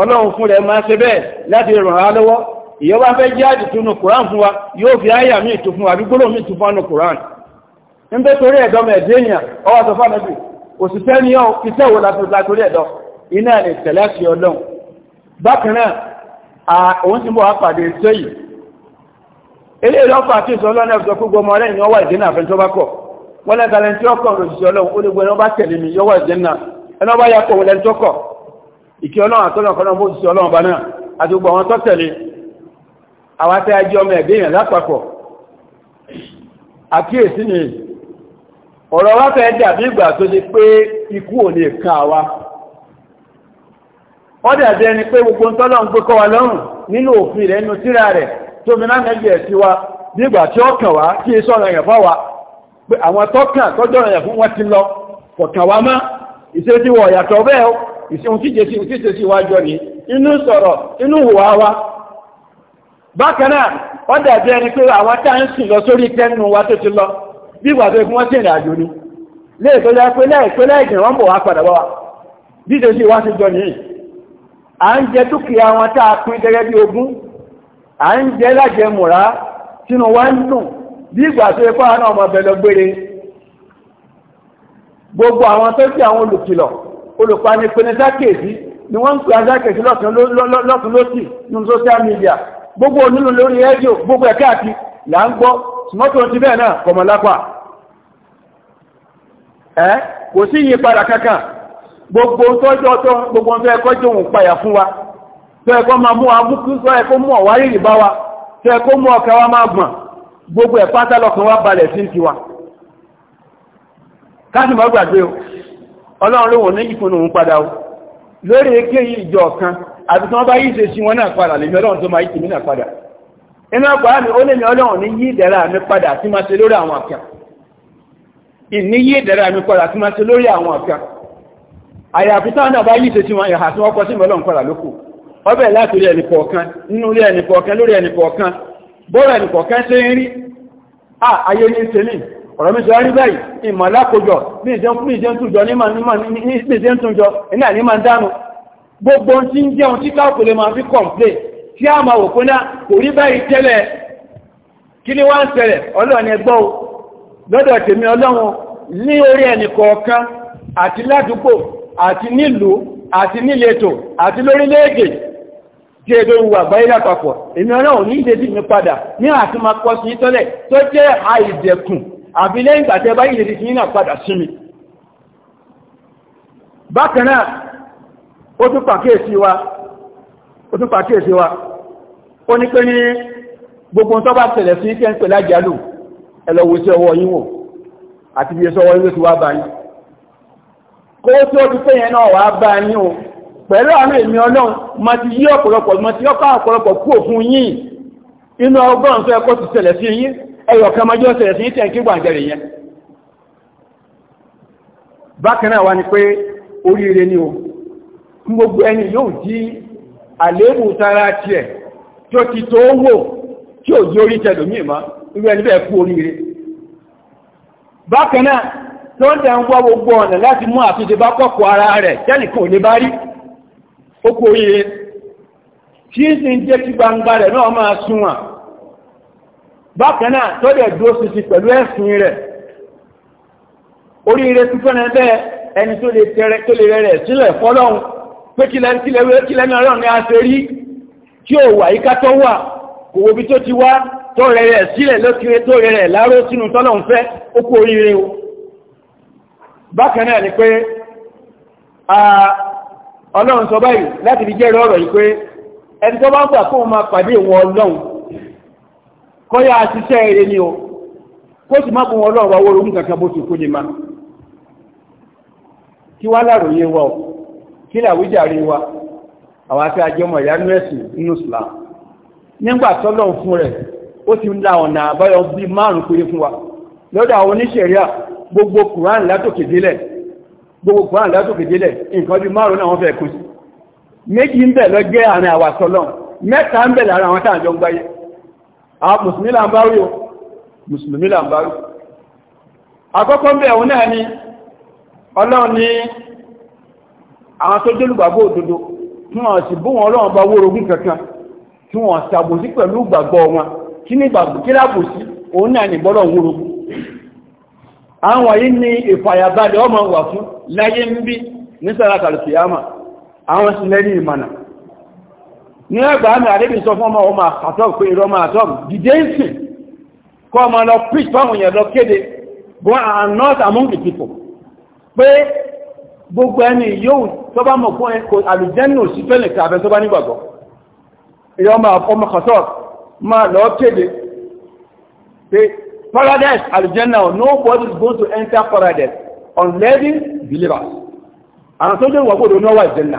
ọlọ́run fún rẹ̀ máa ṣe bẹ́ẹ̀ láti ràn á lọ́wọ́ ìyọ́wá fẹ́ jáde tó nù kùrán fún wa yóò fi áyà mí tó fún wa àdúgbò mí tó fún kùrán ń bẹ́ torí ẹ̀dọ́ mẹ́ẹ̀dẹ́ èèyàn ọwọ́ tó fún ẹ̀dọ́ òṣìṣẹ́ ni yóò fi tẹ́wọ́ láti la torí ẹ̀dọ́ iná ni tẹ̀lé sí ọlọ́run bákan náà òun ti bọ̀ wá pàdé tó yìí ilé ìlọ́pàá àti ìsọlọ́nà ẹ̀fọ́ gbogbo ọmọ rẹ̀ ni ọwọ́ ìdínà àfẹ́ntọ́ bá kọ̀ wọ́n lẹ́ta lẹ́ntí ọkọ̀ òṣìṣẹ́ ọlọ́run ó lè gbọ́ ẹni ọba tẹ̀lé mi yọwọ́ ìdínà ẹni ọba yakọ̀ wọ́n lẹ́ntọ́kọ̀ ìkí ọlọ́run àtọ́lọ́kọ́lọ́ mọ́ sí ọlọ́run bá náà àti gbogbo àwọn tọ́tẹ̀lé àwátẹ́ ajé ọmọ ẹ̀gbẹ́ èèyàn lápapọ̀ àkíyèsí ni ọ̀rọ̀ wá fẹ́ dàbí ìgbà tó di pé ikú ò lè ká wa ó dàbí ẹni pé gbogbo tọ́lọ́ ń gbé kọ́ wa lọ́rùn nínú òfin rẹ̀ nínú tíra rẹ̀ tó mi náà mẹ́gbẹ̀ẹ́ sí wa bí ìgbà tí ó kàn wá kí iṣẹ́ ọ̀rọ̀ yẹn fọ́ ìsìn tí jẹ́sí tí jẹ́sí wájọ ní inú sọ̀rọ̀ inú hùwà wa bákan náà wọ́n dàbí ẹni pé àwọn táǹsì lọ sórí tẹ́nu wa tó ti lọ bí ìwà tó wọ́n sì rìn àjò ní léèkó lẹ́ pé láìpé láìjìn wọ́n bọ̀ wá padà wá bí jẹ́sí wá ti jọ nìyí à ń jẹ dúkìá wọn tá a pín gẹ́gẹ́ bí ogún à ń jẹ lájẹmùrá sínú wa ń dùn bí ìgbà tó yẹ fáwọn ọmọ ọbẹ̀ lọ gbére gbogbo àwọn tó sí àwọn olùkìlọ̀ olùpani pinnu sákèsí ni wọ́n ń pè azákèsí lọ́tún lọ́sì nínú social media gbogbo onínú lórí rédíò gbogbo ẹ̀ káàkiri là ń gbọ́ smọ́tò ti bẹ́ẹ̀ náà kọmọ lápá ẹ́ kò sí yí padà kankan gbogbo tọ́jọ́ tó gbogbo tó ẹkọ́ jò ń payà fún wa tó ẹkọ́ máa mú amúkú tó ẹkọ́ mú ọ̀wárí ìbá wa tó ẹkọ́ mú ọkà wa máa gbọ̀n gbogbo ẹ̀ pátálọ́kàn wa balẹ̀ sí ti wa káàkiri mọ́ gbàgbé o ọlọ́run ló wọ̀n ní padau. òun padà ó lórí ìjọ kan àti tí bá yíṣe sí wọn náà padà ọlọ́run tó máa yíṣe mí padà inú mi ó lèmi ọlọ́run ní yí mi padà tí máa ṣe lórí àwọn àkà ìní yí mi padà tí máa ṣe lórí àwọn àkà àyàfi náà bá yíṣe sí wọn ìhà tí wọ́n kọ́ sí ọlọ́run padà ọbẹ̀ láti ẹnì ọ̀rọ̀ mi sọ rí báyìí ìmọ̀lá kojọ bí ìjẹun túnjọ ní ìjẹun túnjọ iná ní máa dánú gbogbo tí ń jẹun tí káàkù lè máa fi kọ̀m̀plé tí a máa wòkó náà kò rí báyìí tẹ́lẹ̀ kí ni wọ́n ń ṣẹlẹ̀ ọlọ́run ẹgbọ́ lọ́dọ̀ tèmi ọlọ́run ní orí ẹnì kọ̀ọ̀kan àti ládùúgbò àti nílùú àti níletò àti lórílẹ̀-èdè tí èdè òwú àgbáyé lápapọ̀ èmi ọlọ́run ní ìdèdì mi padà ní àti sí tọ́lẹ̀ tó jẹ́ àìdẹ̀kùn àbí lẹ́yìn ìgbàtẹ́ bá ìlèrè sí náà padà sí mi bákan náà ó tún pàkíyèsí wa ó tún pàkíyèsí wa ó ní pé ní gbogbo tó bá tẹ̀lẹ̀ sí kẹ́ ń pè lájálù ẹlọ́wọ́ sí ọwọ́ yín wò àti bí ẹsọ́wọ́ yín ló ti wá bá yín kó pẹ̀lú àwọn èmi ọlọ́run ma ti yí ọ̀pọ̀lọpọ̀ ma ti yọ́pá ọ̀pọ̀lọpọ̀ kú òfin yín inú ọgbọ́n tó ẹkọ́ ti tẹ̀lẹ̀ sí yín ẹyọ kan mọ́jọ́ ṣẹlẹ̀ sí ìtẹ̀ kí gbàǹjẹ̀rẹ̀ yẹn bákan wá ní pé oríire ni o gbogbo ẹni yóò jí àléébù sára tiẹ̀ tí ó ti tó wò tí ò jí orí tẹlòmíì mọ́ irú ẹni bẹ́ẹ̀ kú oríire bákan tó ń tẹ̀ ń wá gbogbo ọ̀nà láti mú àtúnṣe bá kọ́kọ́ ara rẹ̀ tẹ́nìkan ò lè bá rí bákan náà tó dẹ̀ dúró ṣinṣin pẹ̀lú ẹ̀sìn rẹ̀ oríire fífẹ́rẹ́ bẹ́ẹ̀ ẹni tó lè tẹ́rẹ tó lè rẹ̀ sílẹ̀ fọ́lọ́hun pé kílẹ̀ni ọlọ́run ni a ṣe rí tí ó wà yíká o bákan náà ni pé ọlọ́run sọ báyìí láti fi jẹ́rọ ọ̀rọ̀ yìí pé ẹni tó kọya àṣìṣẹ́ eré o kó sì má kún ọlọ́run wa wọ́rọ̀ bó ti kú ni ma kí wá láròyé wa o kí làwíjàre wa àwọn afẹ́ ajọmọ̀ ìyá nú ẹ̀sìn nínú nígbà tọ́lọ̀ fún rẹ̀ ó ti la ọ̀nà àbáyọ bí márùn fún wa lọ́dọ̀ àwọn oníṣẹ̀ríà gbogbo Kùránì látòkè délẹ̀ gbogbo Kùránì látòkè délẹ̀ nǹkan bí márùn náà wọ́n fẹ́ kú sí méjì ń bẹ̀ lọ àárín mẹ́ta ń a ah, mùsùlùmí la ń bá o mùsùlùmí la ń bá rí àkọ́kọ́ bẹ̀ òun náà ni ọlọ́run ní àwọn tó jólùgbàgbọ́ tí wọ́n sì bú wọn ọlọ́run bá wórogún kankan tí wọ́n ṣàbòsí pẹ̀lú gbàgbọ́ wọn kí ní gbàgbọ́ kí lábòsí òun náà àwọn ní ìfàyàbalẹ̀ ọmọ wà fún láyé ní ẹgbàá mi àdébì sọ fún ọmọ ọmọ àtọ́m pé ìrọ ọmọ àtọ́m dìde ìsìn kọ́ ọmọ lọ preach fáwọn èèyàn lọ kéde go and not among the people pé gbogbo ẹni yóò tó bá mọ̀ fún ẹkọ àlùjẹ́nù sí fẹ́lẹ̀ tàbẹ́ tó bá nígbàgbọ́ ìrọ ọmọ ọmọ àtọ́m máa lọ kéde going to enter paradise unless believers àwọn tó dé wọ́pọ̀ lónà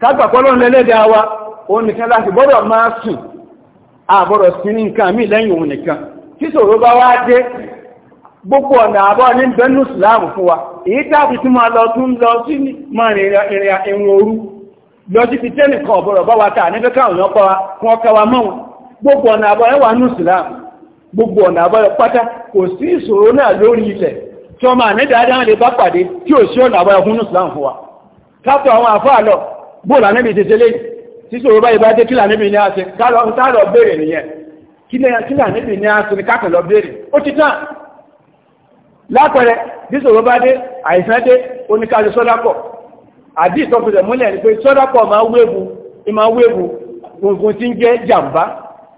ka lẹ́lẹ́dẹ̀ àwa awa nìkan láti gbọ́dọ̀ máa sùn àbọ̀rọ̀ sí ní nǹkan mí lẹ́yìn òun nìkan tí sòrò bá wá dé gbogbo ọ̀nà àbọ̀ ní bẹ́nu ìsìláàmù fún wa èyí tàbí tí máa lọ tún lọ sí máa rìnrìn lọ sí ti kan ọ̀bọ̀rọ̀ bá wa ta nígbẹ́ ọ̀pá mọ́ bóòlù ànábì ti ṣe léyìn tí sòrò báyìí bá dé kílà ànábì ní àṣẹ káàlọ̀ béèrè nìyẹn kílà ànábì ní àṣẹ ní káàkànlọ béèrè ó ti tán lápẹẹrẹ bí sòrò bá dé àìsàn dé oníkàlù sọ́dápọ̀ àbí ìtọ́fẹsẹ̀ múlẹ̀ ni pé sọ́dápọ̀ máa wéwu ìmá wéwu gbogbo tí ń jẹ́ jàǹbá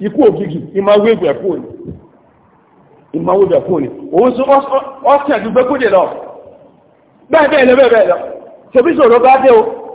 ikú ògìgì ìmá wéwu ẹ̀kú ni ìmá wéwu ẹ̀kú ni òun sọ ọ́sẹ̀ àdúgbẹ́kúdè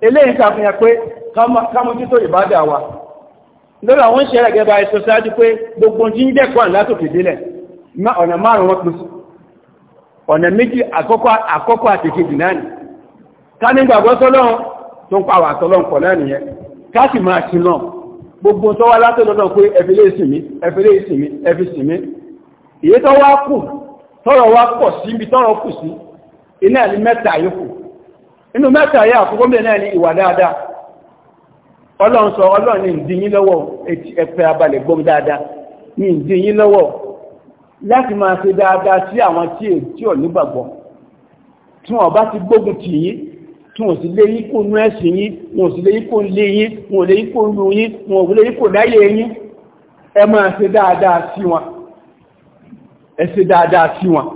eléyìí ń sàfihàn pé kámójútó ìbádà wa lórí àwọn ìṣẹ̀lẹ̀ gẹ́gẹ́ bá ẹ̀sọ́ sáájú pé gbogbo jí ń dẹ̀kọ́ àlátòkè délẹ̀ ọ̀nà márùn wọn pèsè ọ̀nà méjì àkọ́kọ́ àtẹ̀kejì náà ni ká sọ́lọ́run tó ń pàwà gbogbo inú mẹ́ta yà àkókò mẹ́rin náà ní ìwà dáadáa ọlọ́run sọ ọlọ́run ní ìdíyín lọ́wọ́ ẹ̀pẹ́ abalẹ̀ gbọ́m dáadáa ní ìdíyín lọ́wọ́ láti máa ṣe dáadáa sí àwọn tí tí ò nígbàgbọ́ tí wọ́n bá ti gbógun tì yín tí wọ́n sì lé yín kó nú ẹ̀sìn yín wọ́n sì lé yín kó lé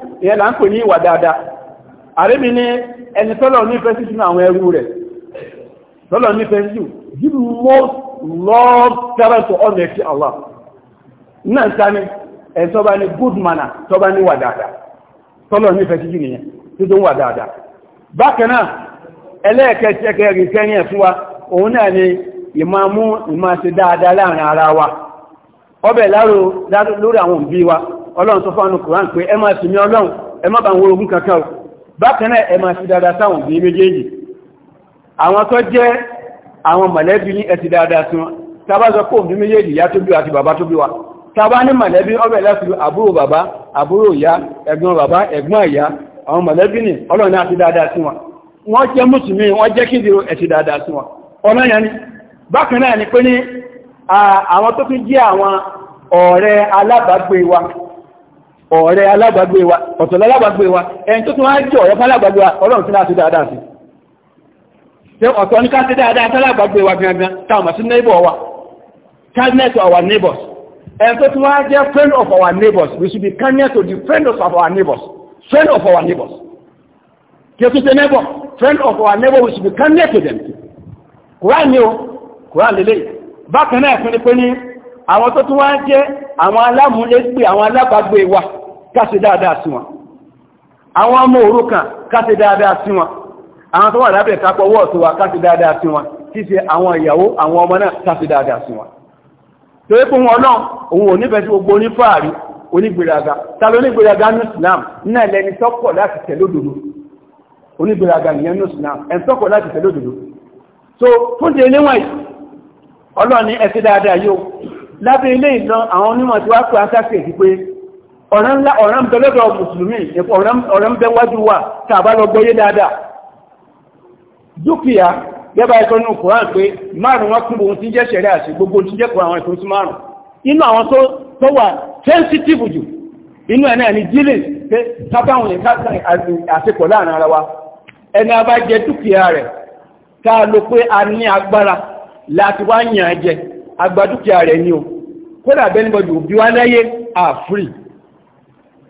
ìyẹn là ń pè ní ìwà dáadáa àríbi ní ẹni tọ́lọ̀ nífẹ̀ẹ́ sí sínú àwọn ẹrú rẹ̀ tọ́lọ̀ nífẹ̀ẹ́ sí give most love servant to all Allah náà sani ẹni ní good manner tọ́ba ní wà dáadáa tọ́lọ̀ nífẹ̀ẹ́ sí jù eke ni ìmọ̀ ara wa ọlọ́run tó fánú kùrán pé ẹ máa tìmí ọlọ́run ẹ má bá wọn ogun kankan o bákan náà ẹ máa fi dáadáa sáwọn òbí méjèèjì àwọn tó jẹ́ àwọn mọ̀lẹ́bí ní ẹti dáadáa sí wọn tàbá sọ pé òbí méjèèjì ìyá tó bí wa àti bàbá tó bí wa tàbá ní mọ̀lẹ́bí ọbẹ̀ láti àbúrò bàbá àbúrò ìyá ẹ̀gbọ́n bàbá ẹ̀gbọ́n ọ̀rẹ́ alábàágbé wa ọ̀rẹ́ alábàgbé wa ọ̀tọ̀lọ́ alábàgbé wa ẹni tó tún wá jẹ́ ọ̀rẹ́ alábàgbé wa ọlọ́run tí láti dáadáa sí ṣe ọ̀tọ̀ ní ká ṣe dáadáa sí alábàgbé wa gangan táwọn sí neighbor wa kindness to our neighbors ẹni tó tún wá jẹ́ friend of our neighbors we should be kindness to the friend of our neighbors friend of our neighbors kí o tún ṣe neighbor friend of our neighbor we should be kindness to them kúrán ni o kúrán lélẹ̀ bákan náà fún ni pé ní àwọn tó tún wá jẹ́ àwọn alámúlégbé àwọn alábàgbé wa ká ṣe dáadáa sí wọn àwọn ọmọ òrukàn ká ṣe dáadáa sí wọn àwọn tó wà lábẹ́ kápọ̀ wọ́ tó wà ká ṣe dáadáa sí wọn títí àwọn ìyàwó àwọn ọmọ náà ká ṣe dáadáa sí wọn tó é fún wọn náà òun ò nífẹ̀ẹ́ sí gbogbo onífààrí onígbèraga tàbí onígbèraga ní Islam náà lẹni tọ́kọ̀ láti tẹ̀lódodo onígbèraga nìyẹn ní Islam ẹ̀ tọ́kọ̀ láti tẹ̀lódodo so fún ti eléwọ̀n yìí ọlọ́ni ẹ ṣe dáadáa yóò lábẹ́ ilé ìlọ àwọn onímọ̀ tí wá pè á sáfẹ́ sí pé ọ̀ràn ńlá ọ̀ràn bẹ lọ́dọ̀ mùsùlùmí ọ̀ràn bẹ wájú wa tàbá lọ gbọ́yé dáadáa dúkìá gẹ́bà ẹ̀kọ́ ní kòrán pé márùn wọn kúrò tí jẹ́ ṣẹ̀rẹ́ àti gbogbo tí jẹ́ kòrán àwọn ẹ̀kùn tí márùn inú ni jílè pé sábáwọn àṣepọ̀ láàrin ara wa ẹni a bá jẹ dúkìá rẹ̀ ká ló pé a ní agbára láti wá yàn jẹ kódà bẹ́ẹ̀ níbọ̀dù òbí wá láyé àfírí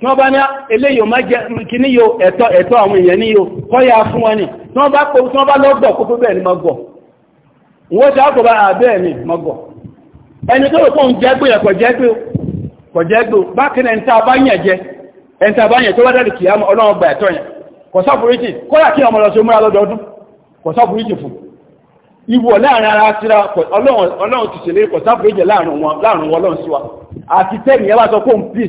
tí wọ́n bá ní eléyò má jẹ́ kíní yo ẹ̀tọ́ ẹ̀tọ́ àwọn èèyàn ní yo kọ́yà fún wọn ni tí bá kó tí bá lọ́gbọ̀ kó tó bẹ́ẹ̀ ni mọ́gbọ̀ wọ́n ti àkọ́ bá àbẹ́ẹ̀ ni mọ́gbọ̀ ẹni tó rò fún jẹ́gbé yẹn kò jẹ́gbé a bá yàn jẹ ẹni tá a bá gba ẹ̀tọ́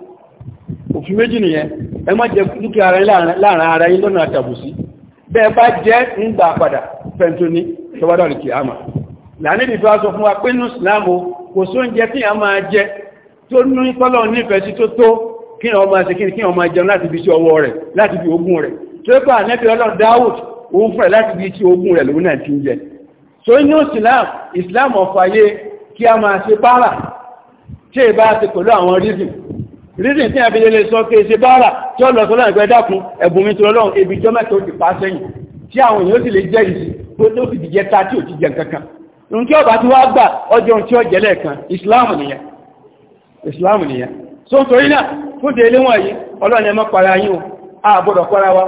òfin méjì nìyẹn ẹ má jẹ dúkìá rẹ láàrin ara yín lọ́nà àtàbùsí bẹ́ẹ̀ bá jẹ́ ń gbà padà fẹ́ntó ní tọ́wádà lè kì á mà lànìdì tó a sọ fún wa pé nù sílámù kò só ń jẹ kí a máa jẹ tó ní kọ́lọ̀ nífẹ̀ẹ́ sí tó tó kí ọ máa ṣe kí ọ máa jẹun láti bí sí ọwọ́ rẹ̀ láti bí ogún rẹ̀ tó pà nẹ́bí ọlọ́run Dáwùd òun fẹ́ láti bí sí ogún rẹ̀ lòun náà ti ń jẹ so inú islam islam ọ̀fàyé kí a máa ṣe bára tí è bá ti pẹ̀lú àwọn rízìn rídìn tí àfi lè sọ pé ṣe báárà tí ó lọ sọ láìpẹ́ dákun ẹ̀bùn mi tó lọ́wọ́ ebi jọ mẹ́ta ó ti pa sẹ́yìn tí àwọn èèyàn sì lè jẹ́rìí tó tó fi dìjẹ́ ta tí ò ti jẹ kankan ohun tí ọba tí wàá gbà ọjọ́ ohun tí ó jẹ lẹ́ẹ̀kan ìsìláàmù nìyẹn ìsìláàmù nìyẹn so nítorí náà fúnde ilé wọ̀nyí ọlọ́run ẹ̀ mọ́ para yín o àgbọ̀dọ̀ para wa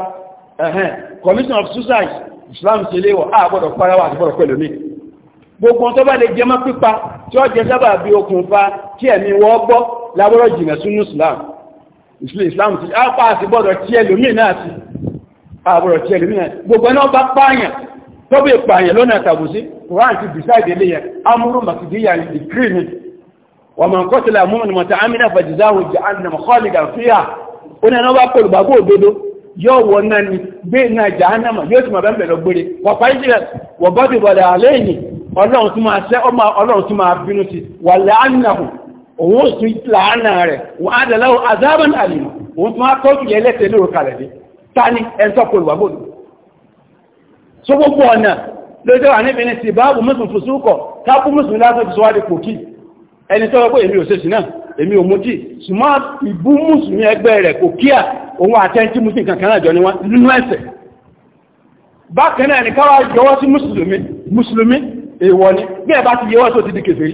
commission of suicide islam ṣe léwọ̀ àgbọ̀dọ̀ para wa àgbọ̀dọ̀ pẹ̀lú mi gbogbo tó bá lè jẹ mọ́ pípa tí ó jẹ sábà bí okùnfà tí ẹ̀mí wọ́ gbọ́ lábọ́rọ̀ jìnà sínú islam islam ti apá àti bọ́dọ̀ tí ẹlòmíì náà ti àbọ̀rọ̀ tí ẹlòmíì náà gbogbo náà bá pààyàn tó bí pààyàn lọ́nà àtàbùsí quran ti decide ilé yẹn amúrú màkìdíyà ìdíkírì ni wà mọ̀ nǹkan tilẹ̀ mú ni mọ̀ta amínà fàjìzáwò ni gbé náà jà ánàmà yóò ti mọ̀ bẹ́ẹ̀ bẹ̀rẹ̀ gbére wọ̀ pàìsì rẹ̀ wọ̀ gọ́dì máa bínú ti òun ó sì láàánà rẹ̀ wọ́n adàláwò azaban alìmọ̀ òun tún á tọ́jú yẹ lẹ́tẹ̀ lórí kalẹ̀ dé ta ni ẹ̀ntọ́ kò ìwà bòdù so gbogbo ọ̀nà lójọ́ wà níbi ní sìbáàbù mùsùn fùsúkọ̀ kápú mùsùn lásán ti sọ́wádìí kò kí ẹni tọ́wọ́ pé èmi ò ṣe ṣìnà èmi ò mutí ni wọ́n nínú ẹ̀sẹ̀ bákan náà ni káwàá yọwọ́ sí mùsùlùmí mùsùlùmí èèwọ̀ ni bí ẹ bá ti yọwọ́ sí ó ti di kèfèrí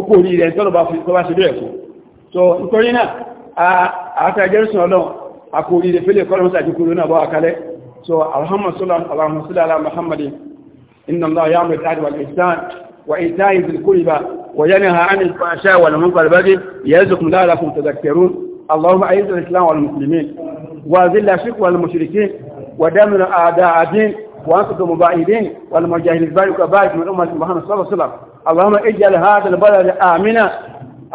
ó kò rí rẹ̀ tọ́lọ̀ bá ṣe bẹ́ẹ̀ fún so nítorí náà àátà jẹ́rìsìn ọlọ́run àkórí rẹ̀ fẹ́lẹ̀ kọ́lọ̀ mọ́sá àti kúrò náà bọ́ àkálẹ́ so alhamdulillah inna Allah ya'muru bil wal ihsan wa ita'i dhil qurba wa yanha 'anil fahsha'i wal munkari wal baghi ya'idhukum la'allakum tadhakkarun Allahumma a'izz al-islam wal muslimin wa dhill ash-shirk wal mushrikeen wa dammir a'da'a din وأنصر المباعدين والمجاهدين ذلك بعد من أمة محمد صلى الله عليه وسلم اللهم اجعل هذا البلد آمنا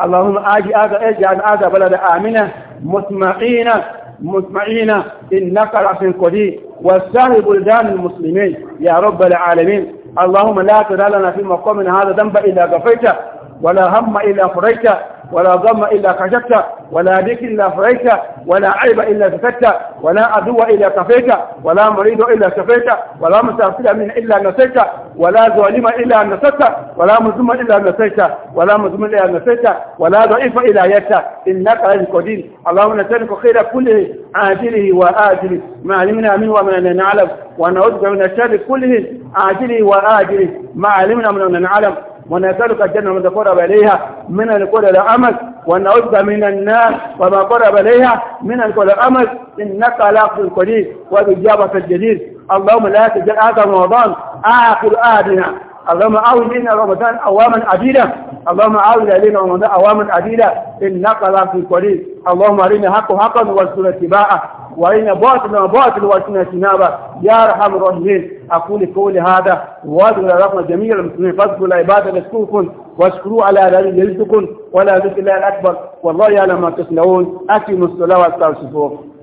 اللهم اجعل هذا البلد آمنا مطمئنا مطمئنا إنك رأس قدير وسهل بلدان المسلمين يا رب العالمين اللهم لا تدع لنا في مقام هذا ذنب إلا غفيته ولا هم إلا فريته ولا ضم إلا كشفت ولا ذيك إلا فريت ولا عيب إلا سكت ولا عدو إلا كفيت ولا مريض إلا شفيت ولا مسافر من إلا نسيت ولا ظالم إلا نسيت ولا مظلوم إلا نسيت ولا مظلوم إلا نسيت ولا ضعيف إلا يسيت إنك على قدير اللهم نسألك خير كله عاجله وآجله ما علمنا منه وما لا نعلم ونعوذ بك من الشر كله عاجله وآجله ما علمنا منه وما نعلم ونسألك الجنة المذكورة إليها من القول العام الأمس وأن من الناس وما قرب إليها من الأمس إنك على أقل القليل وبإجابة الجديد اللهم لا تجعل هذا رمضان آخر آدنا اللهم عاود لنا رمضان أواما عديدة اللهم عاود لنا رمضان أواما عديدة إن نقل في قريب اللهم أرنا حق حقا وارزقنا اتباعه وأرنا باطلا باطلا وارزقنا اجتنابه يا أرحم الراحمين أقول قولي هذا وأدعو رحمة جميع المسلمين فاذكروا العبادة نشكركم واشكروا على الذي يرزقكم ولا ذكر الله الأكبر والله يعلم ما تصنعون أتموا الصلاة واستغفروا